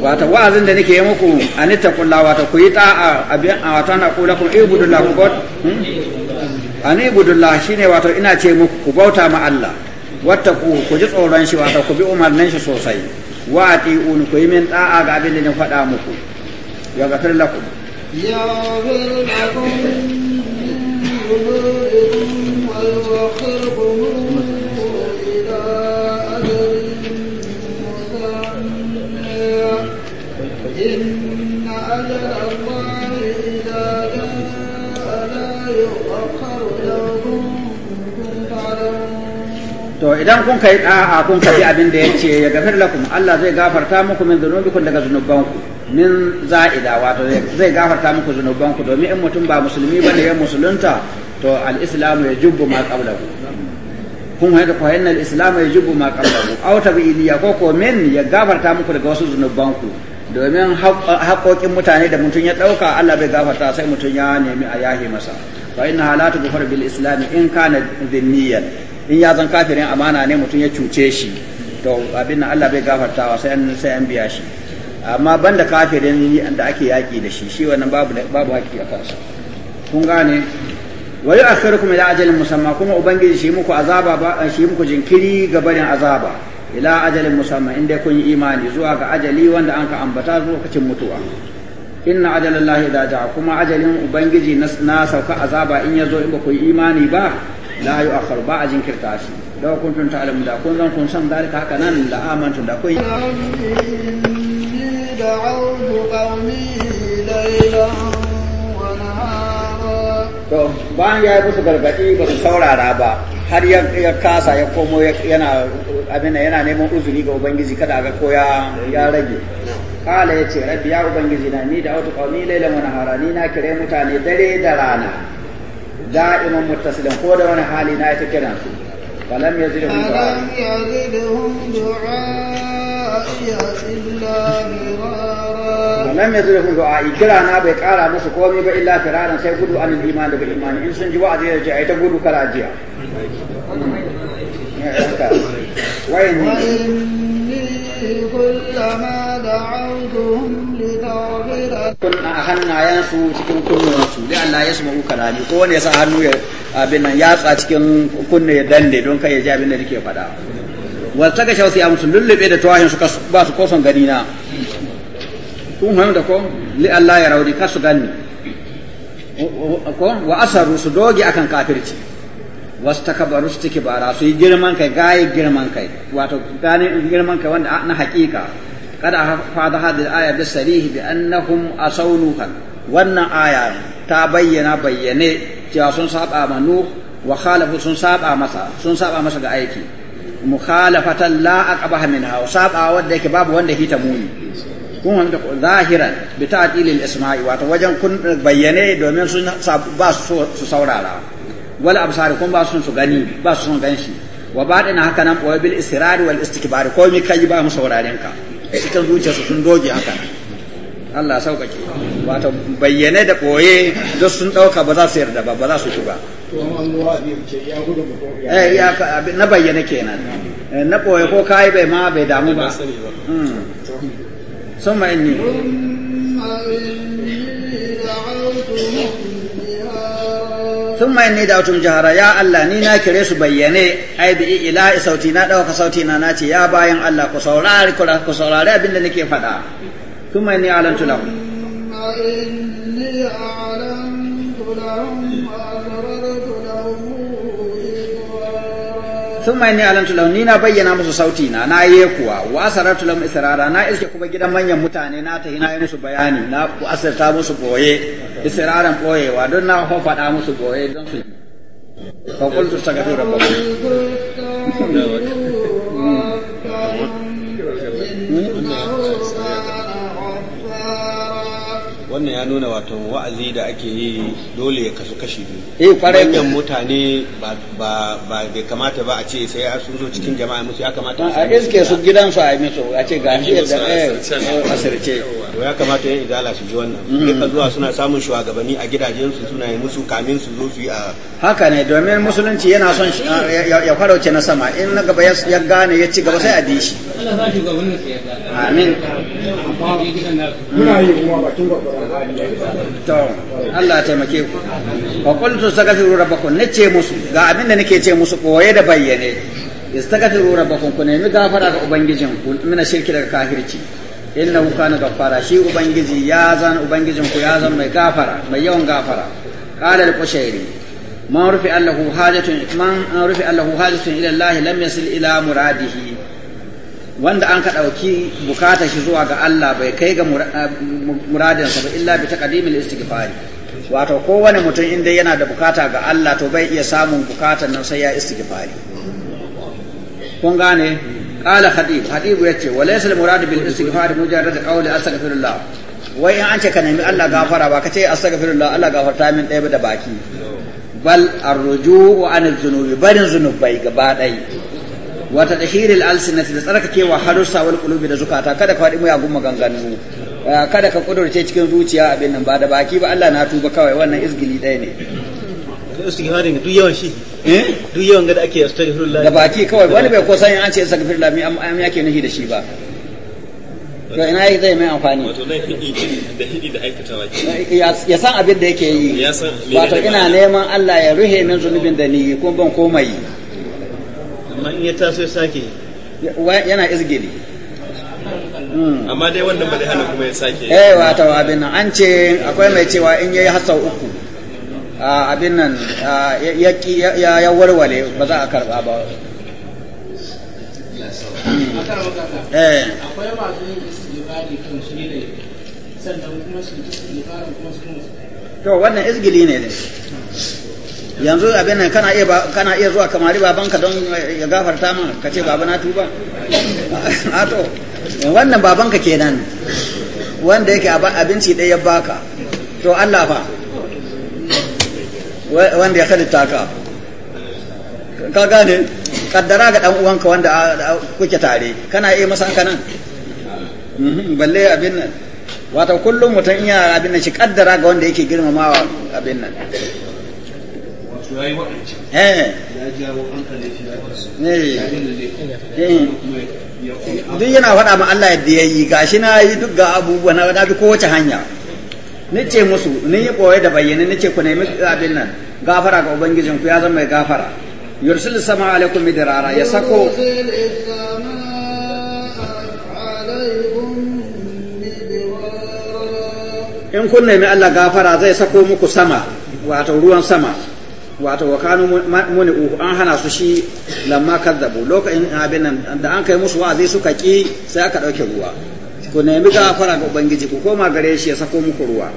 wata wa'azin da nake yi muku an kula wata ku yi ta'a a wata na kula ku ibudullah ku god an shi ne wata ina ce muku ku bauta ma Allah wata ku ji tsoron shi wata ku bi umarnin shi sosai wa un ku yi min taa ga abin da na faɗa muku ya gafir lakum ya gafir lakum to idan kun kai da'a kun kafi abin da ce ya gafir lakum Allah zai gafarta muku min zunubikum daga zunubanku min za'ida wato zai gafarta muku zunubanku domin in mutum ba musulmi ba ne ya musulunta to al-islamu jubbu ma qablahu kun da ko inna al-islamu jubbu ma qablahu aw tabi'iliya ko ko min ya gafarta muku daga wasu zunubanku domin haƙoƙin mutane da mutum ya ɗauka Allah bai gafarta sai mutum ya nemi a yahi masa fa inna halatu bi bil islam in kana dhinniyan in ya zan kafirin amana ne mutum ya cuce shi to abin nan Allah bai gafartawa sai sai an biya shi amma banda kafirin da ake yaki da shi shi wannan babu babu haƙi a kansa kun gane wa yu'akhirukum ila ajalin musamma kuma ubangiji shi muku azaba ba shi muku jinkiri ga barin azaba ila ajalin musamma inda kun yi imani zuwa ga ajali wanda an ka ambata lokacin mutuwa inna ajalallahi da ja kuma ajalin ubangiji na sauka azaba in yazo in ba ku yi imani ba la a ba a jinkirta shi kun kuntum alamu da kun zan kun san dalika haka nan da amantu da kai to bayan ya yi musu gargaɗi ba su saurara ba har ya kasa ya komo yana abin yana neman uzuri ga ubangiji kada ga ko ya rage kala ya ce rabbi ya ubangiji na ni da autu qaumi lailan wani harani na kira mutane dare da rana da'iman muttasilan ko da wani hali na ita kiran su falam yazidhum falam yazidhum du'a'i illa firara falam yazidhum du'a'i kirana bai kara musu komai ba illa firaran sai gudu an iman daga imani in sun ji wa'azi da a ta gudu kara jiya وإني كلما دعوتهم kunna a hannayensu cikin kunnuwansu da Allah ya sumu kalami ko wanda ya sa hannu ya abin nan yatsa cikin kunne ya dande don kai ya ji abin da nake faɗa wa ta ga shawsi amsu lullube da tawahin su ba su koson gani na kun hayu da ko li Allah ya raudi kasu gani ko wa asaru su doge akan kafirci wastakbaru su take bara su yi girman kai gaye girman kai wato gane girman kai wanda na hakika. قد أفاد هذه الآية بالسريح بأنهم أصوا نوحا وأن آية تبين بينه cewa sun saba ma Nuh wa sun saba masa sun saba masa ga aiki mukhalafatan la aqbaha minha saba wanda yake babu wanda hita muni kun wanda zahiran bi isma'i wato wajen kun bayyane domin ba su su saurara wal absar kun ba su su ganshi wa badina haka nan bil israr wal istikbar ko mi kai ba mu sauraren cikin zuciyarsu sun doge haka Allah ya sauƙaƙe wato bayyane da ɓoye duk sun ɗauka ba za su yarda ba ba za su ci ba na bayyane kenan eh, na ɓoye ko kayi bai ma bai damu ba hmm. sun ma'inni sun ma ne da tun jihara ya Allah ni na kire su bayyane ai bi ilahi sauti na ɗauka sauti na nace ya bayan Allah ku saurari ku saurari abin da nake faɗa sun ma ne alantu thumma inni alantu lahum ni na bayyana musu sauti na na yi kuwa wa asaratu lahum israra na iske kuma gidan manyan mutane na ta na yi musu bayani na ku asarta musu boye israran boyewa don na ko faɗa musu boye don su fa qultu rabbakum wannan ya nuna wato wa'azi da ake yi dole ya kasu kashi biyu eh manyan mutane ba ba bai kamata ba a ce sai a sun zo cikin jama'a musu ya kamata a iske su gidan su a yi musu a ce ga shi da eh, asirce to ya kamata ya idala su ji wannan mm. ka zuwa suna samun shugabanni a gidajensu suna yi musu kamin su zo su yi a haka ne domin musulunci yana son ya farauce na sama in na gaba ya gane ya ci gaba sai a di shi Allah Amin. Muna yi kuma bakin To, Allah ya taimake ku. Wa qultu sagafiru rabbakum ce musu ga abin da nake ce musu koye da bayyane. Istagafiru rabbakum ku nemi gafara ga ubangijin ku mina shirki daga kafirci. hu kana gaffara shi ubangiji ya zan ubangijin ku ya zan mai gafara mai yawan gafara. Qala al-Qushairi man rufi allahu hajatun man rufi allahu hajatun ila Allah lam yasil ila muradihi wanda an ka ɗauki bukatar shi zuwa ga Allah bai kai ga eh, muradinsa ba illa bi taqdimil istighfari wato kowane mutum inda yana da bukata ga Allah to bai iya samun bukatar nan sai ya istighfari kun gane qala khatib khatib yace wa laysa al murad bil istighfar mujarrad qawl astaghfirullah wai in an ce ka nemi Allah gafara ba ka ce astaghfirullah Allah gafarta min ɗaya da baki bal arruju an zunubi barin zunubai gaba ɗaya wa tadhhiril alsinati da tsarkakewa harusa wal qulubi da zukata kada ka faɗi mu ya gumma maganganu kada ka kudurce cikin zuciya abin nan ba da baki ba Allah na tuba kawai wannan izgili ɗaya ne istighfarin duk yawan shi eh? duk yawan ga da ake astaghfirullah da baki kawai wani bai ko san an ce astaghfirullah mi am yake nahi da shi ba to ina yi zai mai amfani wato da hidi da aikatawa ya san abin da yake yi Ya san wato ina neman Allah ya ruhe min zunubin da ni ko ban komai amma in ya taso yana izgili hmm. amma dai wannan ba kuma ya sake eh, an ce akwai mai cewa in yayi hasau uku abin nan ya ya ba za a karba ba hmm. eh akwai to wannan izgili ne ne yanzu abin nan kana iya kana iya zuwa kamari babanka don ya gafarta ma ka ce baba na tuba a to wannan babanka kenan wanda yake abinci ɗaya baka to Allah fa wanda ya halitta ka ka gane kaddara ga dan uwanka wanda kuke tare kana iya masa haka nan mhm, balle abin nan wato kullum mutum iya abin nan shi kaddara ga wanda yake girmamawa abin nan duk yana faɗa ma Allah yadda ya yi gashi na yi duk ga abubuwa na bi kowace hanya ni ce musu ni yi ɓoye da bayyana ni ce ku nemi abin nan gafara ga ku ya zama mai gafara yursil sama alaikum midrara ya sako in kun nemi Allah gafara zai sako muku sama wato ruwan sama wato wa kanu muni uhu an hana su shi lamma kazzabu lokacin abin nan da an kai musu wa'azi suka ki sai aka dauke ruwa ku nemi fara ga ubangiji ku koma gare shi ya sako muku ruwa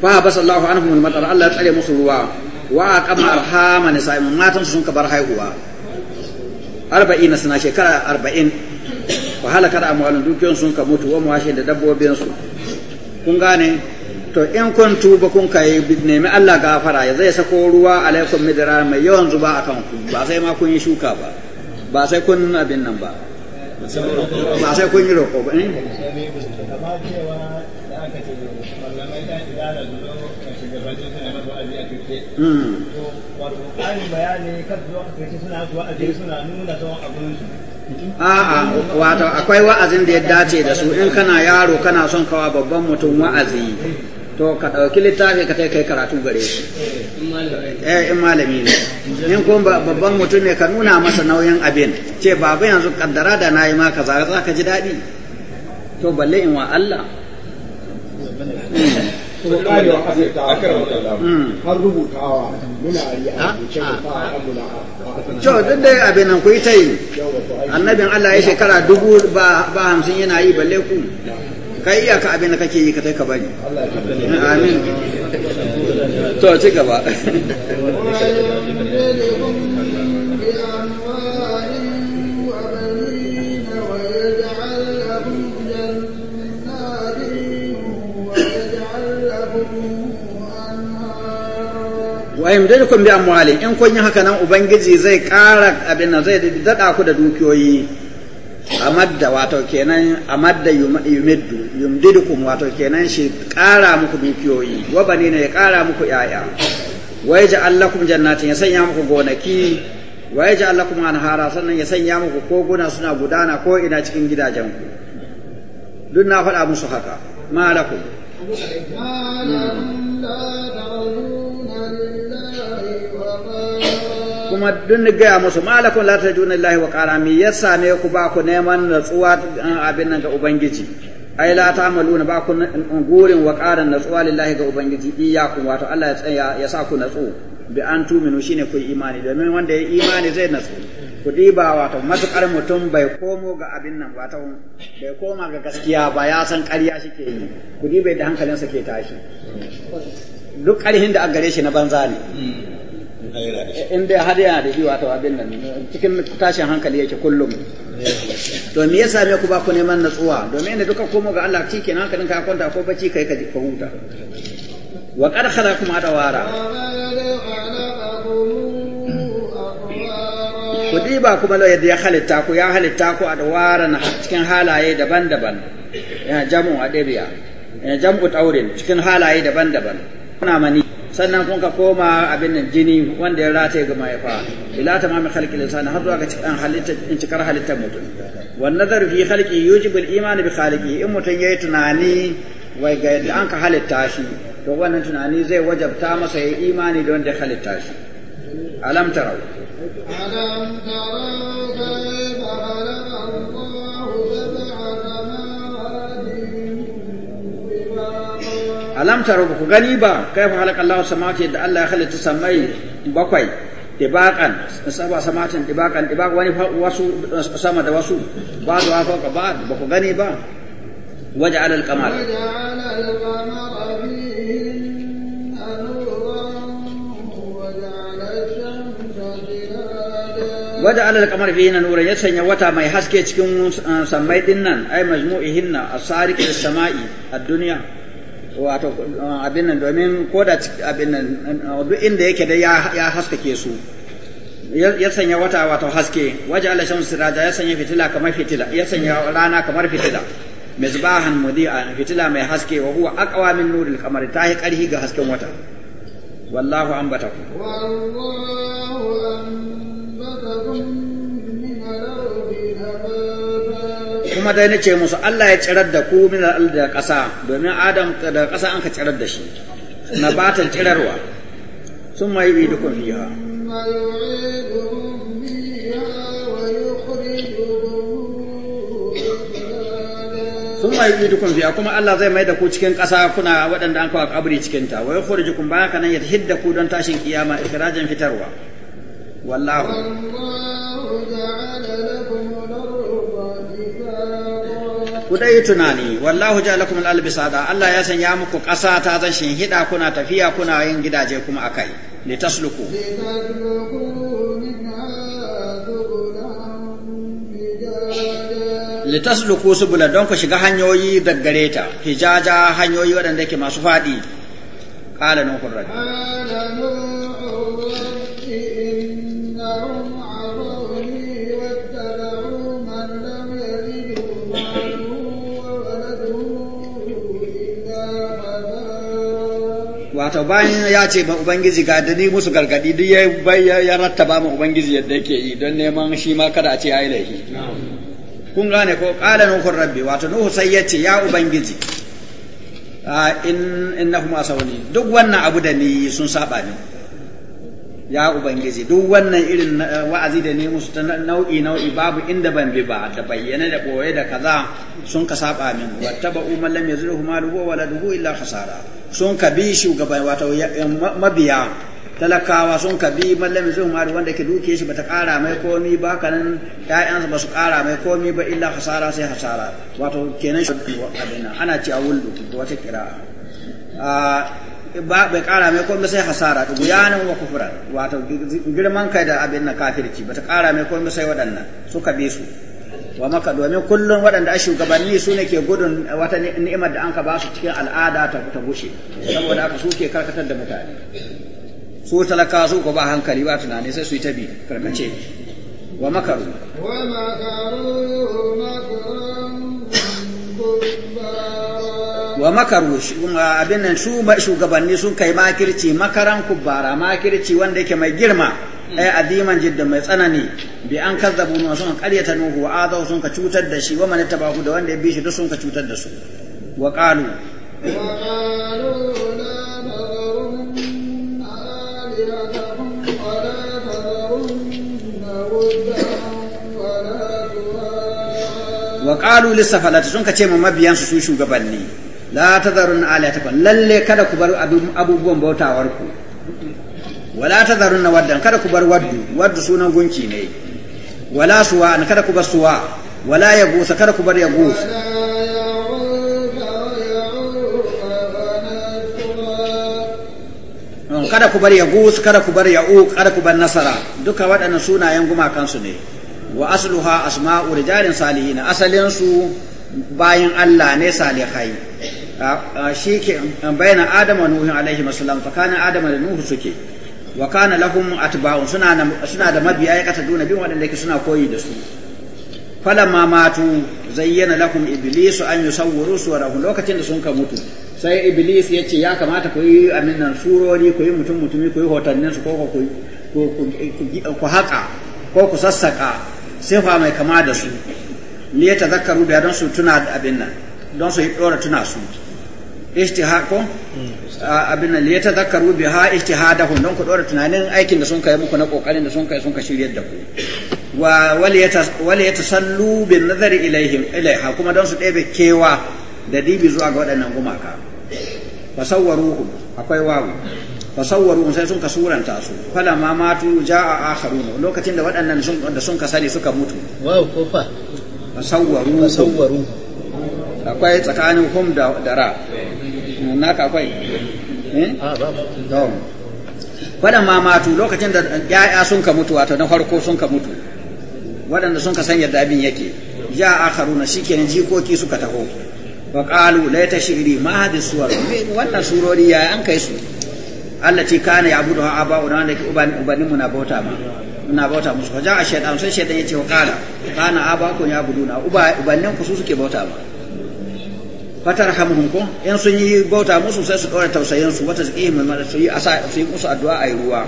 fa basallahu anhum al-matar Allah ya tsare musu ruwa wa aqama arhama nisa'im matan sun kabar haihuwa 40 sana shekara 40 wa halaka da amwalun dukiyoyin sun ka mutu wa washe da dabbobin su kun gane to in kun tuba kun kai nemi Allah gafara ya zai sako ruwa alaikum midrar mai yawan zuba kan ku ba sai ma kun yi shuka ba ba sai kun abin nan ba ba sai kun yi roƙo ba eh? hmm. A'a, wato akwai wa'azin da ya dace da su in kana yaro kana son kawa babban mutum wa'azi to ka ɗauki littafi ka kai karatu gare shi eh in malami ne in ko babban mutum ne ka nuna masa nauyin abin ce babu yanzu kaddara da nayi ma kaza za ka ji daɗi to balle in wa Allah har rubutawa muna a rubuce ba duk dai abin nan ku yi ta yi annabin Allah ya shekara dubu ba hamsin yana yi balle ku kai ka abin da kake yi ka kai ka bari amin to ci gaba wayan da kun bi amwali in kun yi haka nan ubangiji zai ƙara abin nan zai daɗa ku da dukiyoyi amadda wato kenan amadda yumiddu yumdidukum wato kenan shi kara muku dukiyoyi wa ne ya kara muku yaya wa yaj'al lakum jannatin ya sanya muku gonaki wa yaj'al lakum anhara sannan ya sanya muku koguna suna gudana ko ina cikin gidajen ku duk na faɗa musu haka ma lakum kuma dun gaya musu malakun la tajuna lillahi wa qala mi yasa ne ku ba ku neman natsuwa eh, abin nan ga ubangiji ai la ta'maluna ba ku gurin wa qara natsuwa lillahi ga ubangiji iyyakum wato Allah ya tsaya ya sa ku natsu bi an tuminu shine ku imani domin wanda ya imani zai natsu ku diba wato matukar mutum bai komo ga abin nan wato bai koma ga gaskiya ba ya san ƙarya shike yi ku diba da hankalinsa ke tashi duk ƙarhin da an gare shi na banza ne in dai har yana da shi wato abin nan cikin tashin hankali yake kullum to me yasa me ku ba ku neman natsuwa domin inda duka komo ga Allah cikin hankalin ka kwanta ko bacci kai ka ka huta wa qad khalaqakum adawara ku ba kuma lo yadda ya halitta ku ya halitta ku adawara na cikin halaye daban-daban ya jamu adabiya ya jamu taurin cikin halaye daban-daban kuna mani sannan kun ka koma abin nan jini wanda ya rata ga mahaifa ila tamami khalqi lisan har zuwa ga cikin halitta in cikar halittar mutum wan nazar fi khalqi yujibu al iman bi khaliqi in mutum yayi tunani wai ga yadda an ka halitta shi to wannan tunani zai wajabta masa yayi imani da wanda halitta shi alam tarau alam tarau kayfa alam taro ku gani ba kai fa halaka Allahu samawati da Allah ya halitta samai bakwai dibakan saba samatin dibakan dibak wani wasu sama da wasu ba da fauka ba ba ku gani ba waja'al al-qamar waja'al alal kamar fi hinan nuran ya sanya wata mai haske cikin eh, sammai dinnan ai majmu'ihinna a sariq lis-sama'i a duniya. wato uh, abin nan domin ko da abin nan uh, duk inda yake da ya haskake su ya sanya wata wato haske waje Allah shamsu siraja ya sanya fitila kamar fitila ya sanya rana kamar fitila mizbahan mudi'a fitila mai haske wa huwa aqwa min nuril qamari ta yi karhi ga hasken wata wallahu ambatakum wallahu kuma dai nace musu Allah ya tsirar da ku min al da ƙasa domin Adam da ƙasa an ka tsirar da shi na batan tsirarwa sun mai yi dukun biya sun mai yi dukun fiha kuma Allah zai mai da ku cikin ƙasa kuna waɗanda an kawo kabri cikin ta wai khurjukum ba haka nan ya hidda ku don tashin kiyama ikrajan fitarwa wallahu ku dai tunani wallahu ja'alakum al albisada Allah ya sanya muku ƙasa ta zan hida kuna tafiya kuna yin gidaje kuma akai li tasluku li tasluku subula don ku shiga hanyoyi daggare ta hijaja hanyoyi waɗanda ke masu faɗi qala nuhur wato bayan ya ce ma ubangiji ga dani musu gargadi duk ya bayya ya rattaba ma ubangiji yadda yake yi don neman shi ma kada a ce ai laifi kun gane ko qala nuhu rabbi wato nuhu sai ya ce ya ubangiji in innahum asawani duk wannan abu da ni sun saba ni ya ubangiji duk wannan irin eh, wa'azi da ne musu ta nau'i nau'i babu inda ban bi ba da bayyana da boye da kaza sun ka saba min wattaba umman lam yazruhu maluhu wa waladuhu illa khasara sun ka bi shugaban wato mabiya talakawa sun ka bi mallam yazruhu maluhu wanda ke duke shi bata kara mai komi ba kanan ƴaƴansa ba su kara mai komi ba illa khasara sai khasara wato kenan shi abin ana ci a wuldu wata kira'a ah, ba bai kara mai komai sai hasara da guyanan wa kufura wato girman kai da abin na kafirci bata kara mai komai sai waɗannan suka bi su wa maka domin kullum waɗanda a shugabanni su ne ke gudun wata ni'imar da an ka ba su cikin al'ada ta ta gushe saboda haka su ke karkatar da mutane su talaka su ko ba hankali ba tunani sai su yi ta bi karkace wa makaru wa makaru makarun wa makaru abin nan shugabanni sun kai makirci makaran kubbara makirci wanda yake mai girma ai adiman jiddan mai tsanani bi an kazzabu nuhu sun ta nuhu wa adaw sun ka cutar da shi wa man tabahu da wanda ya bi shi duk sun ka cutar da su wa qalu wa qalu lisafalati sun ka ce ma mabiyansu su shugabanni la ta kwan lalle kada ku bar abubuwan bautawar ku wala na waddan kada ku bar waddu waddu sunan gunki ne wala suwa an kada ku bar suwa wala ya gusa kada ku bar ya gusa hmm, kada ku bar ya gusa kada ku bar ya u, kada ku bar nasara duka waɗannan sunayen gumakansu ne wa asluha asma'u rijalin salihin asalin su bayin Allah ne salihai shi ke bayyana adama nuhu alaihi wasallam tsakanin adama da nuhu suke wa kana lahum atba'un suna suna da mabiya ya kata duna bin wadanda yake suna koyi da su falamma matu zayyana lahum iblis an yusawwiru suwarahum lokacin da sun ka mutu sai iblis ya ce ya kamata ku yi aminan surori ku yi mutum mutumi ku yi hotannin su ko ku haƙa ko ku sassaƙa sifa mai kama da su ne ta zakaru da don su tuna abin nan don su yi ɗora tuna su ijtihad abin nan ya tazakkaru biha ijtihadahum don ku dora tunanin aikin da sun kai muku na kokarin da sun kai sun ka shiryar da ku wa wal yatasallu bin nazari ilaihim ilaiha kuma don su ɗebe kewa da dibi zuwa ga waɗannan gumaka Fasawwaruhu akwai wawu fasawwaru sai sun ka suranta su fala ma matu jaa akharun lokacin da waɗannan sun da sun ka sani suka mutu wawu ko fa fasawwaru fasawwaru akwai tsakanin hum da ra naka akwai eh? ah, waɗanda matu lokacin da ya'ya sun ka mutu wato na farko sun ka mutu waɗanda sun ka san yadda abin yake ja akharuna shikenan jikoki suka taho wa qalu laita shiri ma hadis suwar wannan surori ya an kai su Allah ce kana ya abudu aba nan da ke ubanin mu na bauta ma muna bauta musu fa ja shaytan sai shaytan ya ce wa qala kana aba ko ya abudu na ubanin ku su suke bauta ma fatar fatarhamhum ko in sun yi bauta musu sai su dora tausayin su wata su zikihim ma su yi asa su yi musu addu'a ayi ruwa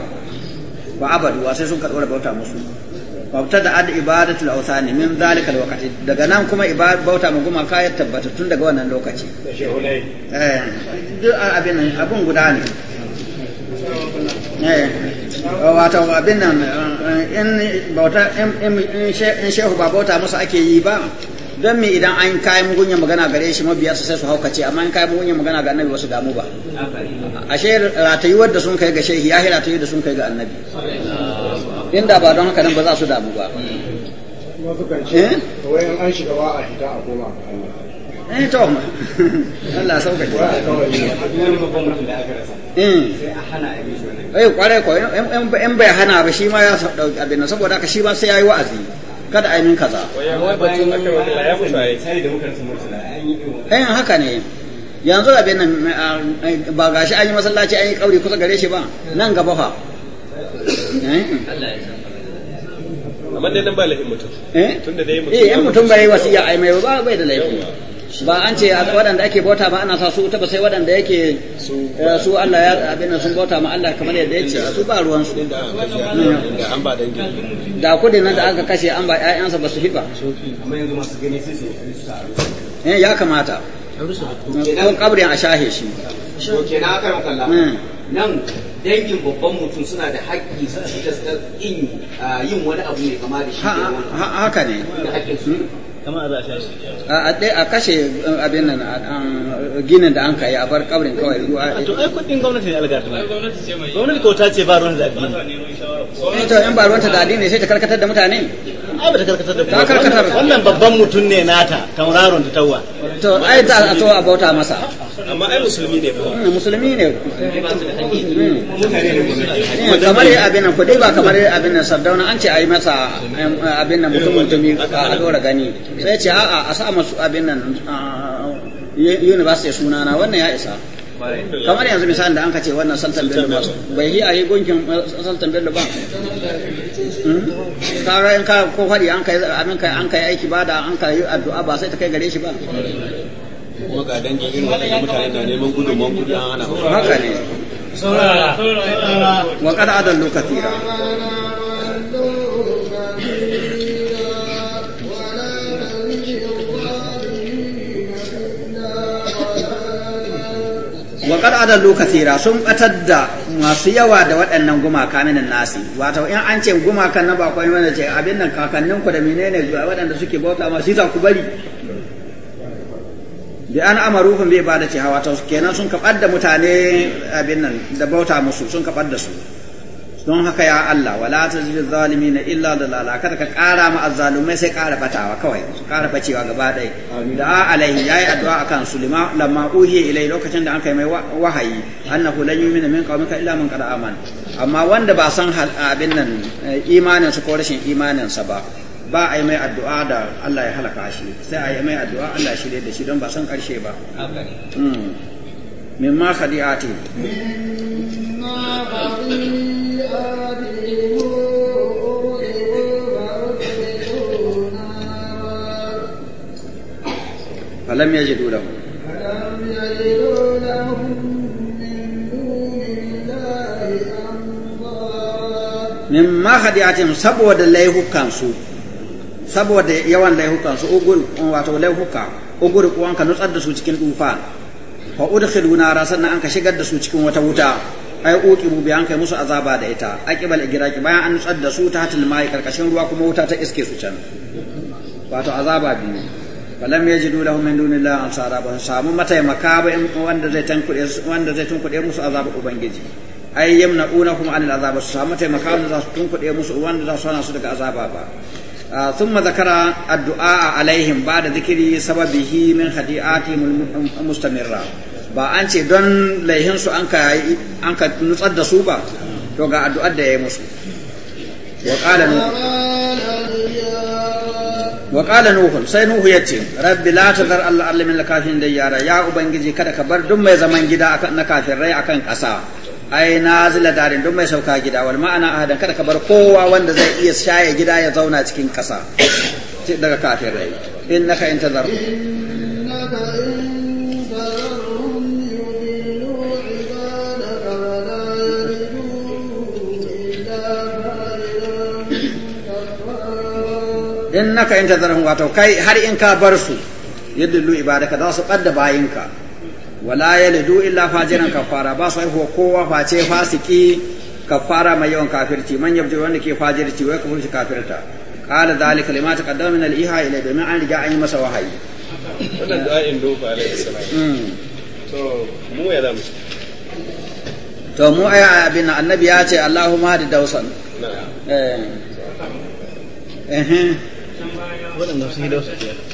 ba abadu abaduwa sai sun ka dora bauta musu bauta da ad ibadatul awthani min zalika alwaqti daga nan kuma bauta mu goma ka tabbata tun daga wannan lokaci eh duk abin nan abun guda ne eh wato abin nan eh, in bauta in shehu ba bauta musu ake yi ba don me idan an kayi mugunya magana gare shi su sai su haukace amma an kayi mugunya magana ga annabi wasu damu ba ashe ratayuwar da sun kai ga shehi ya ratayuwar da sun kai ga annabi inda ba don haka nan ba za su damu ba eh an shiga ba a hita a koma eh to Allah sauka ki eh. eh kwarai ko in bai hana ba shi ma ya dauki abin saboda haka shi ma sai yayi wa'azi kada a yi min kaza eh haka ne yanzu a nan eh, eh, ba gashi an yi masallaci an yi kauri kusa gare shi ba nan gaba fa eh? amma dai nan ba laifin mutum eh tunda dai mutum eh mutum bai wasiya ai mai ba bai da laifi ba an ce waɗanda ake bauta ba ana sa su ta ba sai waɗanda yake eh, su Allah ya abin sun bauta ma Allah kamar yadda yake su ba ruwan su da kudi nan da aka kashe an ba ƴaƴansa ba su fi ba eh, ya kamata eh, ko kabrin a shahe shi kenan aka kalla hmm. nan dangin babban mutum suna da haƙƙi su ah, yin wani abu ne kama da shi haka ne kamar a za a a a kashe eh, abin nan ginin da an kai a bar kabrin kawai ruwa to ai kudin gwamnati ne tuma gwamnati ko ta ce ba ruwan da addini eh, to in ba ruwan ta da addini sai ta karkatar da mutane ai ba ta karkatar da ta karkatar wannan babban mutum ne nata tauraron da tawwa to ai za a to a bauta masa amma ai musulmi ne ba musulmi ne kamar abin nan kudai ba kamar abin nan an ce ai masa abin nan mutumin tumi a dora gani sai ce a'a a sa masu abin nan university wannan ya isa kamar yanzu misalin da an kace wannan saltan bello ba bai yi a yi gunkin eh, saltan bello ba ta hmm? in ka ko fadi an kai aiki ba da an kai addu'a ba sai ta kai gare shi ba kuma ga dangi, irin waɗannan mutane na neman gudunman kuɗi an hana ba haka ne wa kada adan lokatira wa qad'ada lukathira sun batar da masu yawa da waɗannan gumaka minan nasi wato in an ce gumakan na ba kwai mana ce abin nan kakannin ku da menene waɗanda suke bauta masu yi za ku bari bi an amaruhum bi ibadati hawa ta kenan sun kabar da mutane abin nan da bauta musu sun kabar da su don haka ya Allah wala tazid zalimin illa dalala kada ka kara ma azzalumai sai kara batawa kawai kara bacewa gaba dai da alaihi yayi addu'a akan sulima lamma uhiya ilai lokacin da an kai mai wahayi annahu lan yu'mina min qaumika illa man qad amana amma wanda ba san abin nan imanin su ko rashin imanin sa ba ba a yi mai addu'a da Allah ya halaka shi sai a yi mai addu'a Allah ya shirye da shi don ba san karshe ba hmm. min ma khadi'ati falam yajidu lahu falam yajidu lahu min ma hadiyatin saboda laihukansu saboda yawan laihukan su ugun wato laihuka ugun an ka nutsar da su cikin dufa fa udkhilu nara sannan an ka shigar da su cikin wata wuta ai uqibu bi an kai musu azaba da ita aqibal igraki bayan an nutsar da su ta hatil mai karkashin ruwa kuma wuta ta iske su can wato azaba biyu falam yajidu lahum min dunillahi ansara ba samu mataimaka ba wanda zai tankude wanda zai tankude musu azaba ubangiji ai unakum anil azaba su samu mataimaka wanda za su tankude musu wanda za su hana su daga azaba ba ثم ذكر الدعاء عليهم بعد ذكر سببه من خطيئاتهم المستمرة ba an ce don laihinsu an ka nutsar da su ba to ga addu'ar da ya musu wa nuhu sai nuhu ya ce rabbi la tadhar al-ardi min al yara ya ubangiji kada ka bar duk mai zaman gida na kafirai akan ƙasa ai na zila darin don mai sauka gida wal ma'ana ahadan kada ka bar kowa wanda zai iya shaye gida ya zauna cikin kasa daga ka intazar in naka in wato kai har in ka bar su yadda yadullu ibadaka za su ɓadda bayinka wala yalidu illa fajiran kafara ba sai ko kowa face fasiki kafara mai yawan kafirci man yabdi wanda ke fajirci wai kafirci kafirta qala zalika lima taqaddama min al-iha ila bi an riga an yi masa wahayi wannan du'a'in dofa alaihi salam hmm. to mu ya zamu to mu aya abin annabi ya ce Allahumma hadi dausan eh eh wadannan sun yi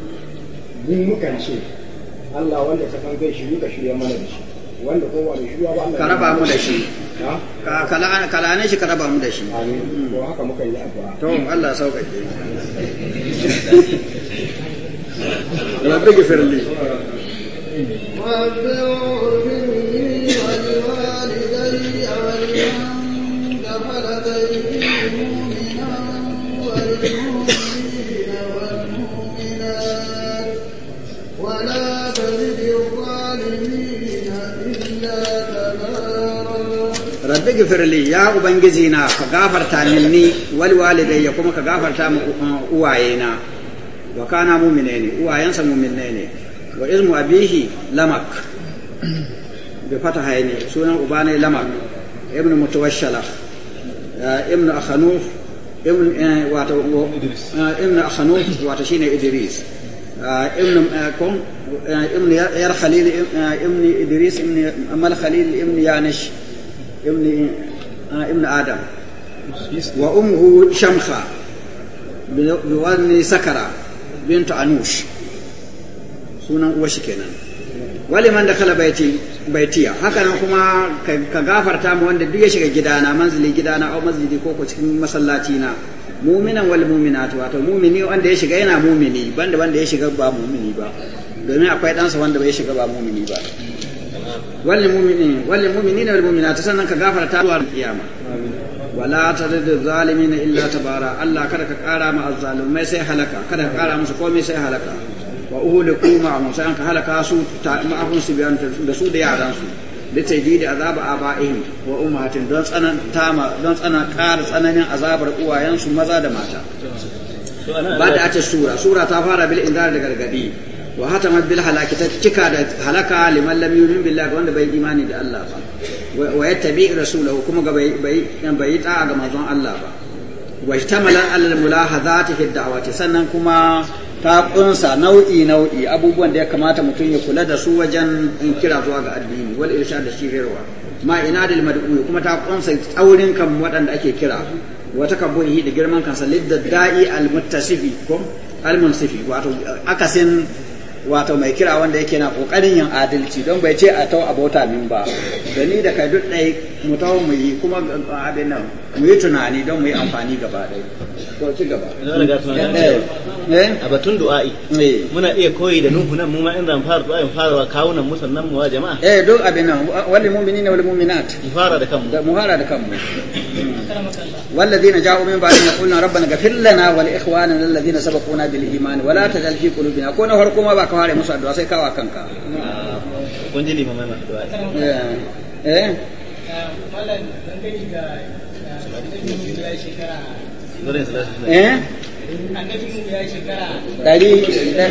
mu mukan ce Allah wanda ta kan kai shiryu ka shirya mana da shi wanda kowa da shirya ba Allah ka raba mu da shi ka ne shi ka raba mu da shi to haka muka yi addu'a to Allah sauƙaƙe رب اغفر لي رب اغفر لي ولوالدي والوالدين ighfir li ya ubangiji na ka gafarta minni wal walidayya kuma ka gafarta mu uwaye na wa kana mu'mine ne uwayensa mu'mine ne wa ismu abihi lamak bi fataha ne sunan uba ne lamak ibnu mutawashala ibnu akhanuf ibn wato ibn akhanuf wato shine idris ibn kom ibn yar khalil ibn idris ibn amal khalil ibn yanish ابن ابن آدم وأمه شمخة بوزن سكرة بنت أنوش سونا وشكنا ولمن دخل بيتي baitiya haka nan kuma ka gafarta mu wanda duk ya shiga gidana manzili gidana au masjidi ko ko cikin masallaci na mu'minan wal mu'minatu wato mu'mini wanda ya shiga yana mu'mini banda wanda ya shiga ba mu'mini ba domin akwai dansa wanda bai shiga ba mu'mini ba وللمؤمنين وللمؤمنين والمؤمنات سنن كغفر تاوى القيامة ولا ترد الظالمين إلا تبارا الله كذا كقارا مع الظالم ما سيهلك كذا كقارا مسكو ما سيهلك وأهلكوا معهم سنن كهلك سوء معهم سبيان دسوء دياران سوء لتجديد عذاب آبائهم وأمهاتهم دون سنن تاما دون سنن كار سنن عذاب رؤوا ينسوا مزاد ماتا بعد أتى السورة سورة تفارة بالإنذار لغرغبي wa hatamat bil halaki ta cika da halaka liman lam yu'min billahi wanda bai imani da Allah ba wa yattabi rasulahu kuma ga bai bai ta ga manzon Allah ba wa ihtamala al mulahazati fi da'wati sannan kuma ta kunsa nau'i nau'i abubuwan da ya kamata mutum ya kula da su wajen kira zuwa ga addini wal irshad da shirarwa ma ina da mad'u kuma ta kunsa tsaurin kan waɗanda ake kira wa takabbuhi da girman kansa lidda da'i al muttasifi ko al munsifi wato akasin wato mai kira wanda yake na kokarin yin adalci don bai ce a tau abota min ba gani da kai duk ɗai mu taho mu yi kuma abin nan mu yi tunani don mu yi amfani gaba ɗaya ko ci gaba eh, eh, eh. a batun du'a'i muna iya koyi da nuhu nan mu ma in zan fara du'a'in farawa kawunan mu sannan mu wa jama'a eh duk abin nan wal mu'minina wal mu'minat mu fara da kanmu mu fara da kanmu والذين جاءوا من بعدهم يقولون ربنا اغفر لنا ولاخواننا الذين سبقونا بالايمان ولا تجعل في قلوبنا كون هركم ما بكواري musu addu'a sai kawa kanka kun ji limaman addu'a eh eh malam dan gani ga dari eh?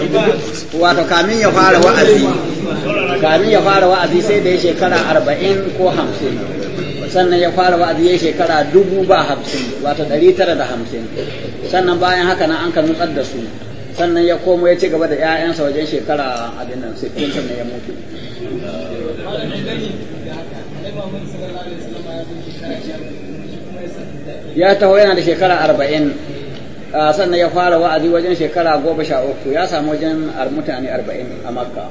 wato kamin ya fara wa'azi kamin ya fara wa'azi sai da ya shekara arba'in ko hamsin sannan ya fara wa'azi ya shekara dubu ba hamsin wato ɗari tara da hamsin sannan bayan haka nan an ka nutsar da su sannan ya komo ya ci gaba da 'ya'yansa wajen shekara abin nan sittin sannan ya mutu Thank you. ya taho yana da shekara arba'in sannan ya fara wa'azi wajen shekara goma sha uku ya samu wajen mutane arba'in a makka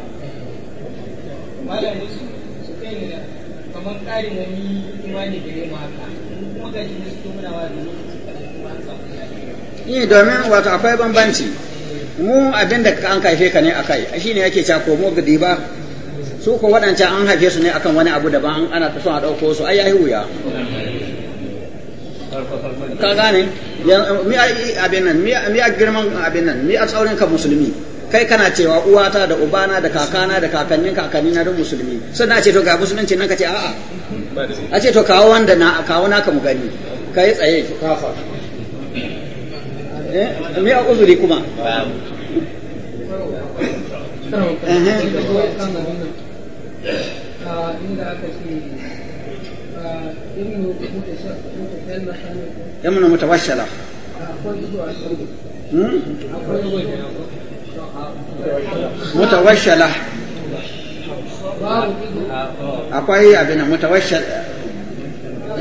Ni eh, domin wato akwai bambanci mu abin da an kaife ka ne akai shi ne yake cako mu gidi ba su ko waɗancan an haife su ne akan wani abu daban ana son a ɗauko su ai ya wuya ka gane girman abin nan mi kai kana cewa uwata da ubana da kakana da kakannin kakanni na musulmi sannan a to ga musulunci nan ka a'a a to kawo wanda na kawo naka mu gani eh mi a uzuri kuma ibnu mutawashala hmm? mutawashala akwai abin mutawashala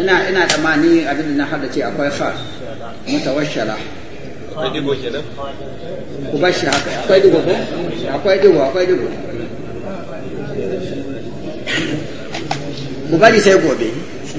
ina ina da abin na hada akwai fa mutawashala ku bashi akwai digo ko akwai digo akwai sai gobe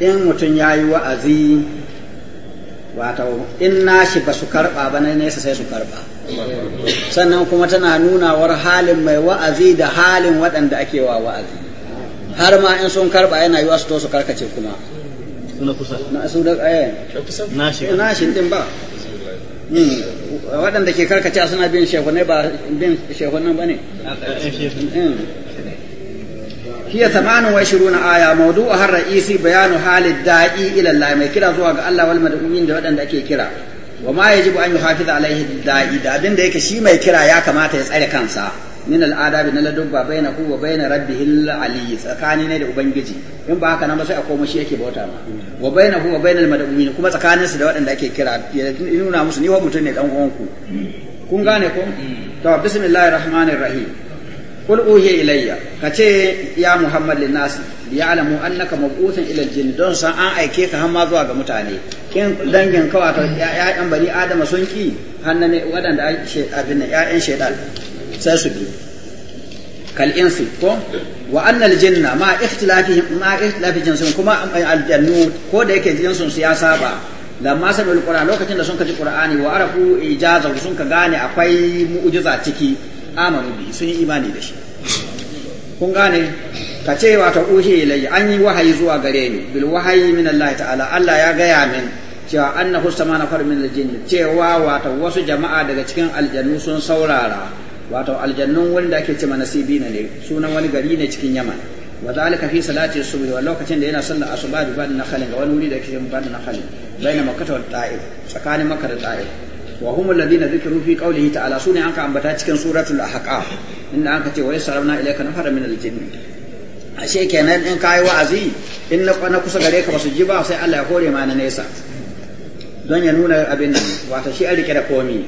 in mutum ya yi wa'azi wata in nashi ba su karɓa ba na nesa sai su karɓa sannan kuma tana nunawar halin mai wa'azi da halin waɗanda ake wa wa'azi har ma in sun karɓa yana yi su to su karkace kuma na kusa na su da eh. nashi nashi din ba hmm. waɗanda ke karkace suna bin ne ba bin nan ba ne hiya samanin wa shiruna aya mawdu'a har ra'isi isi halid da'i daƙi Allah mai kira zuwa ga Allah wal mad'umin da waɗanda ake kira wa ma yajibu an yuhafiza alaihi da'i da abin da yake shi mai kira ya kamata ya tsare kansa min al'adabi na ladubba baina ku wa baina rabbihil aliy tsakani da ubangiji in baka na ba sai a koma shi yake bauta ma wa ku wa baina al mad'umin kuma tsakanin su da waɗanda ake kira ya nuna musu ni wa mutum ne dan uwanku kun gane ko to bismillahir rahmanir rahim قل أوهي إلي كتي يا محمد للناس ليعلموا أنك مبعوث إلى الجن دون سان أن أيكيك هم ما زوا متاني كين دنجن كواتو يا أن بني آدم سنكي هنني ودن أي شيء أبن يا إن شيطان سيسبي كالإنس كو وأن الجن مع اختلافهم مع اختلاف جنسهم كما الجنود كو ديك جنسهم سياسة lamma sami alƙura lokacin da sun kaji ƙur'ani wa arafu ijaza sun ka gane akwai mu'ujiza ciki amanu bi sun yi imani da shi kun gane ka ce wato uhi ilayya an yi wahayi zuwa gare ni bil wahayi min Allah ta'ala Allah ya gaya min cewa annahu samana far min aljin cewa wato wasu jama'a daga cikin aljannu sun saurara wato aljannun wanda ake cewa nasibi ne sunan wani gari ne cikin Yaman wa zalika fi salati subhi wa lokacin da yana sallar asuba bi ban nakhalin ga wani wuri da ke ba'd nakhalin baina makkah wa tsakanin makkah da wa hum alladhina dhikru fi qawlihi ta'ala sune an ka ambata cikin suratul ahqaf inda an ka ce wa yasarabna ilayka nafara min al ashe kenan in kai wa'azi in na kusa gare ka basu ji ba sai Allah ya hore ma nesa don ya nuna abin nan wato shi an da komi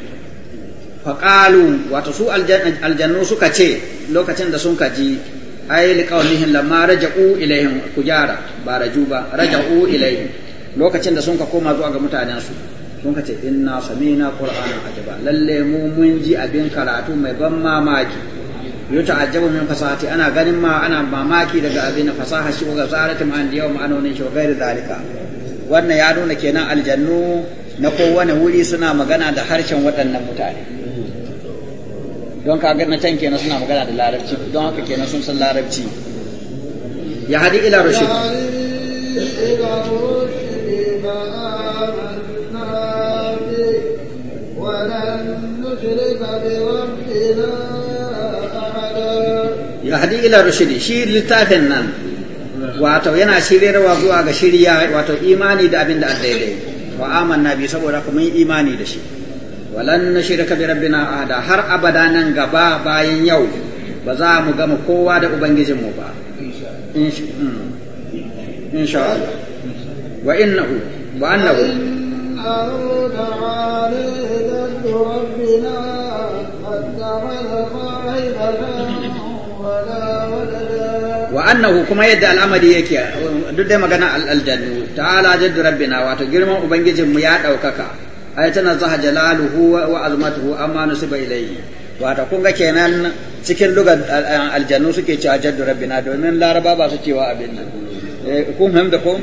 faqalu wato su aljannu suka ce lokacin da sun ka ji ai liqaunihin lamma raja'u ilaihim kujara ba raju ba raja'u ilaihim lokacin da sun ka koma zuwa ga mutanensu sun ka ce inna samina qur'anan ajaba lalle mu mun ji abin karatu mai ban mamaki yau yuta ajabu min fasahati ana ganin ma ana mamaki daga abin fasaha shi ga zarati ma an yau ma'anonin shi gairi zalika wannan ya nuna kenan aljannu na kowane wuri suna magana da harshen waɗannan mutane don ka na can kenan suna magana da larabci don haka kenan sun san larabci ya hadi ila rushd yahdi ila بربنا shi يهدي nan wato yana shiryarwa zuwa ga shirya wato imani da abin da daidai wa amanna bi saboda kuma yi imani da shi walan na shirka bi rabbina ahada har abada nan gaba bayan yau ba za mu gama kowa da ubangijin mu ba insha Allah wa innahu wa annahu أنه دعا yadda ربنا فاتخذ صاحبة ولا ولدا وأنه كما يدعى الأمر يكي duk dai magana ta ta'ala jaddu rabbina wato girman ubangijinmu ya ɗaukaka yi tana zaha jalaluhu wa azmatuhu amma bai layi. wato kun ga kenan cikin lugar aljannu suke cewa jaddu rabbina domin laraba ba su cewa abin nan kun hamda ko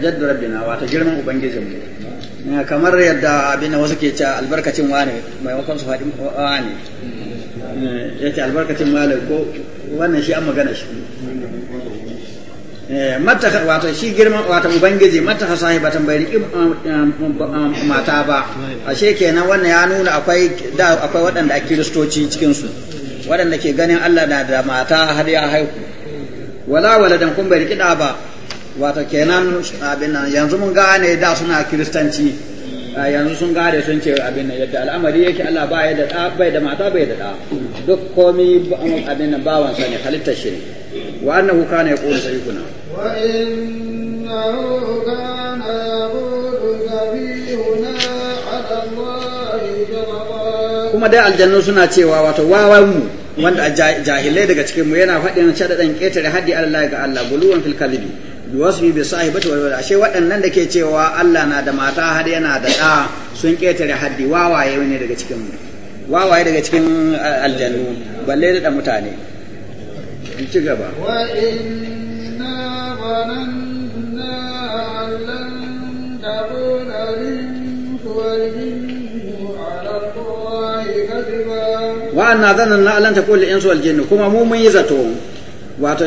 jaddu rabbina wato girman mu kamar yadda abin wasu ke ce albarkacin wane maimakon su faɗi wani eh, ya ce albarkacin wale ko wannan shi an magana shi eh, mata wato shi girman wato ubangiji mata ha sahibatan bai riki mata ba ashe kenan wannan ya nuna akwai da akwai waɗanda a kiristoci cikin su waɗanda ke ganin Allah na da mata har ya haihu wala waladan kun bai riki da ba wato kenan abin nan yanzu mun gane da suna kiristanci yanzu sun gane sun ce abin nan yadda al'amari yake Allah ba ya da da bai da mata bai da da duk komi abin nan bawan sa ne halittar shi ne wa annahu kana yaqulu sayyiduna wa innahu kana yaqulu sayyiduna ala Allah kuma dai aljannu suna cewa wato wawan mu wanda jahilai daga cikin mu yana faɗin shadadan ketare haddi Allah ga Allah buluwan fil kalibi biwasfi bi sahibati bata wani ashe waɗannan da ke cewa Allah na da mata har yana da ɗa sun ƙetare haddi wawaye ne daga cikin wawaye daga cikin eh, aljannu balle da mutane in ci gaba wa inna zananna allan taruna wa anna zananna allan insu wal kuma mu mun yi zato wato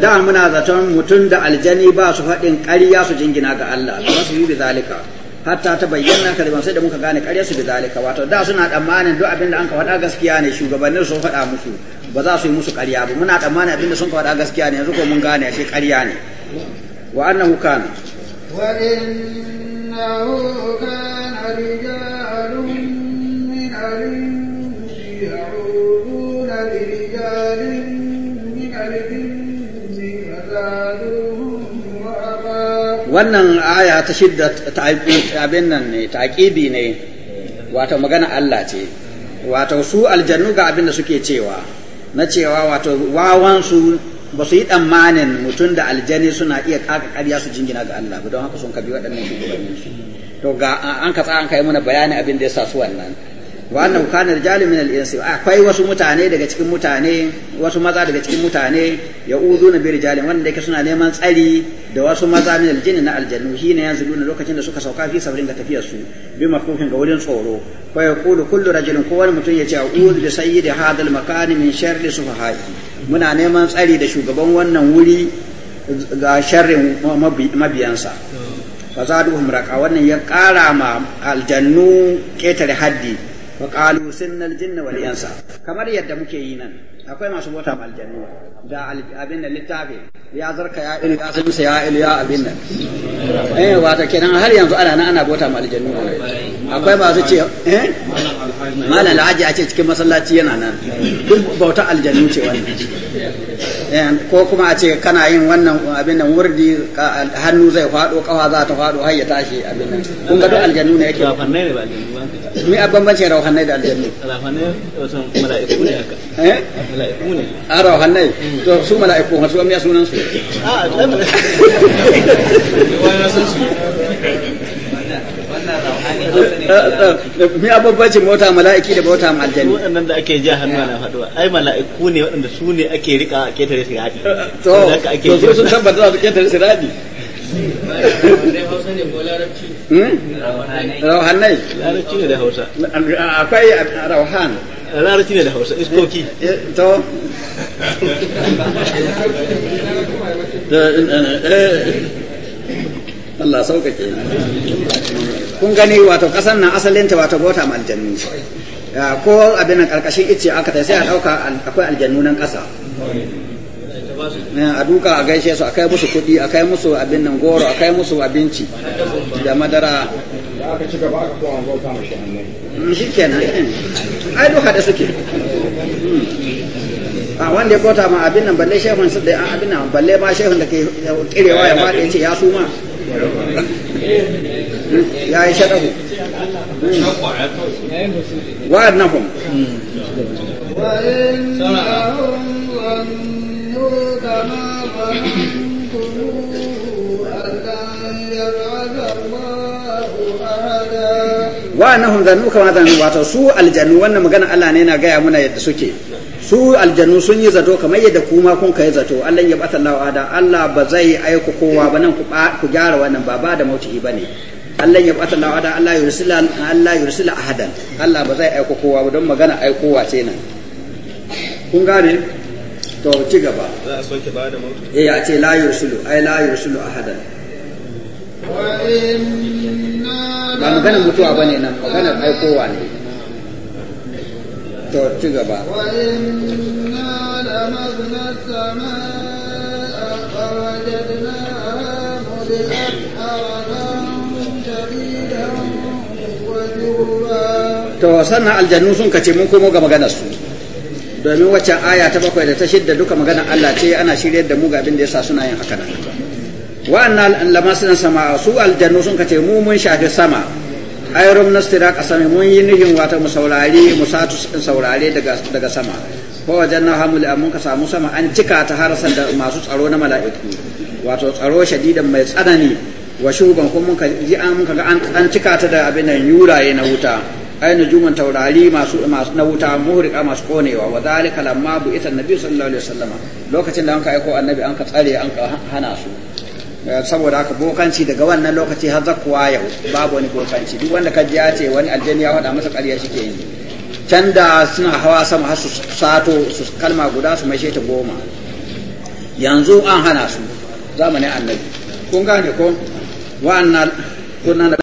da muna zaton mutum da aljani ba su faɗin ƙarya su jingina ga Allah ba su yi bizalika hatta ta bayyana ka kalmar sai da muka gane ƙarya su bizalika zalika wato da suna tsammanin duk abin da an ka faɗa gaskiya ne shugabannin sun faɗa musu ba za su yi musu ƙarya ba muna tsammanin abin da sun faɗa gaskiya ne yanzu ko mun gane shi ƙarya ne wa annahu kana wa innahu kana rijalun min wannan aya ta shidda abin nan ne taƙibi ne wato magana Allah ce wato su aljannu ga abin da suke cewa na cewa wato wawansu ba su yi tsammanin mutum da aljani suna iya kaka ƙarya su jingina ga Allah ba don haka sun kabi waɗannan shugabanninsu to ga an ka tsaya an kai mana bayani abin da ya sa su wannan wa annahu kana rijalun min al-ins akwai wasu mutane daga cikin mutane wasu maza daga cikin mutane ya uzuna bi rijalin wanda yake suna neman tsari da wasu maza min al jinn na aljannu hina yanzu duna lokacin da suka sauka fi sabrin ga tafiyar su bi mafukin ga wurin tsoro fa yaqulu kullu rajulin ko wani mutum yace a'udhu bi sayyidi hadha al-makan min sharri sufahati muna neman tsari da shugaban wannan wuri ga sharrin mabiyansa fa zaduhum raqa wannan ya kara ma aljannu ketare haddi wa qalu jinna wal kamar yadda muke yi akwai masu bota mal da abin littafi ya zarka ya ilu ya ya ilu ya abin nan eh kenan har yanzu ana nan ana akwai masu ce malam alhaji a ce cikin masallaci yana nan duk bauta ce wannan ko kuma a ce kana yin wannan abin nan wurdi hannu zai faɗo kawa za ta faɗo har ya tashi abin nan kun ga duk ne yake ba ne ba mai a bambancin rauhannai da aljannu mala'iku ne haka eh mala'iku ne a rauhannai to su mala'iku wasu amma sunan su a eh, mi abubbacin mota mala'iki da bauta ma waɗannan da ake ja hannu na faduwa ai mala'iku ne waɗanda su ne ake rika ketare sirati to to sun tabbata su ketare sirati Hmm? rauhanai larabci ne da hausa akwai rauhan larabci ne da hausa iskoki eh, to eh, Allah sauƙaƙe kun gani wato ƙasar nan asalinta wato bota ma aljannu ko abinan nan ƙarƙashin ice aka ta sai a ɗauka akwai aljannu nan ƙasa a duka a gaishe su a kai musu kuɗi a kai musu abin nan goro a kai musu abinci da madara mm, shi kenan eh. ai duka da suke mm. a ah, wanda ya kota ma abin nan balle shehun su da ah, abin nan balle ma shehun da ke kirewa ya faɗi ce ya ma mm, ya yi shaɗahu na wa'adnahum وما ظننتم أن kama zannu أحدا su ظنوا wannan magana Allah ne الجنة gaya muna yadda suke su aljanu sun yi zato kamar yadda kuma kun kai zato Allah ya bata lawa da Allah ba zai aiko kowa ba nan ku gyara wannan ba ba da mauti ba ne Allah ya bata lawa da Allah yursila Allah yursila ahadan Allah ba zai aiko kowa ba don magana aikowa ce nan kun gane to ci gaba za a soke ba da mutu eh a ce la yursulu ai la yursulu ahadan ba maganar mutuwa ba ne nan maganar aikowa ne to ci gaba to sannan aljannu sun kace mun komo ga maganar su domin waccan aya ta bakwai da ta shidda duka magana Allah ce ana shiryar da mu ga abin da yasa suna yin haka nan wa'annan lama suna sama su aljannu sun kace mu mun shafi sama ayrum nastira qasami mun yi nihin wata mu musatu mu satu saurare daga daga sama ko wajanna hamul amun ka samu sama an cika ta san da masu tsaro na mala'iku wato tsaro shadidan mai tsanani wa shuban kuma mun ka ji an ka ga an cika ta da abin nan yuraye na wuta ai juman taurari masu na wuta muhrika masu konewa wa zalika lamma bu ita nabi sallallahu alaihi wasallam lokacin da an ka aiko annabi an ka tsare an ka hana su eh, saboda haka bokanci daga wannan lokaci har zakkuwa yau babu wani bokanci duk wanda kaji ya ce wani aljani ya faɗa masa ƙarya shi ke yi can da suna hawa sama har su sato su kalma guda su mai ta goma yanzu an hana su zamanin annabi kun gane ko wa'annan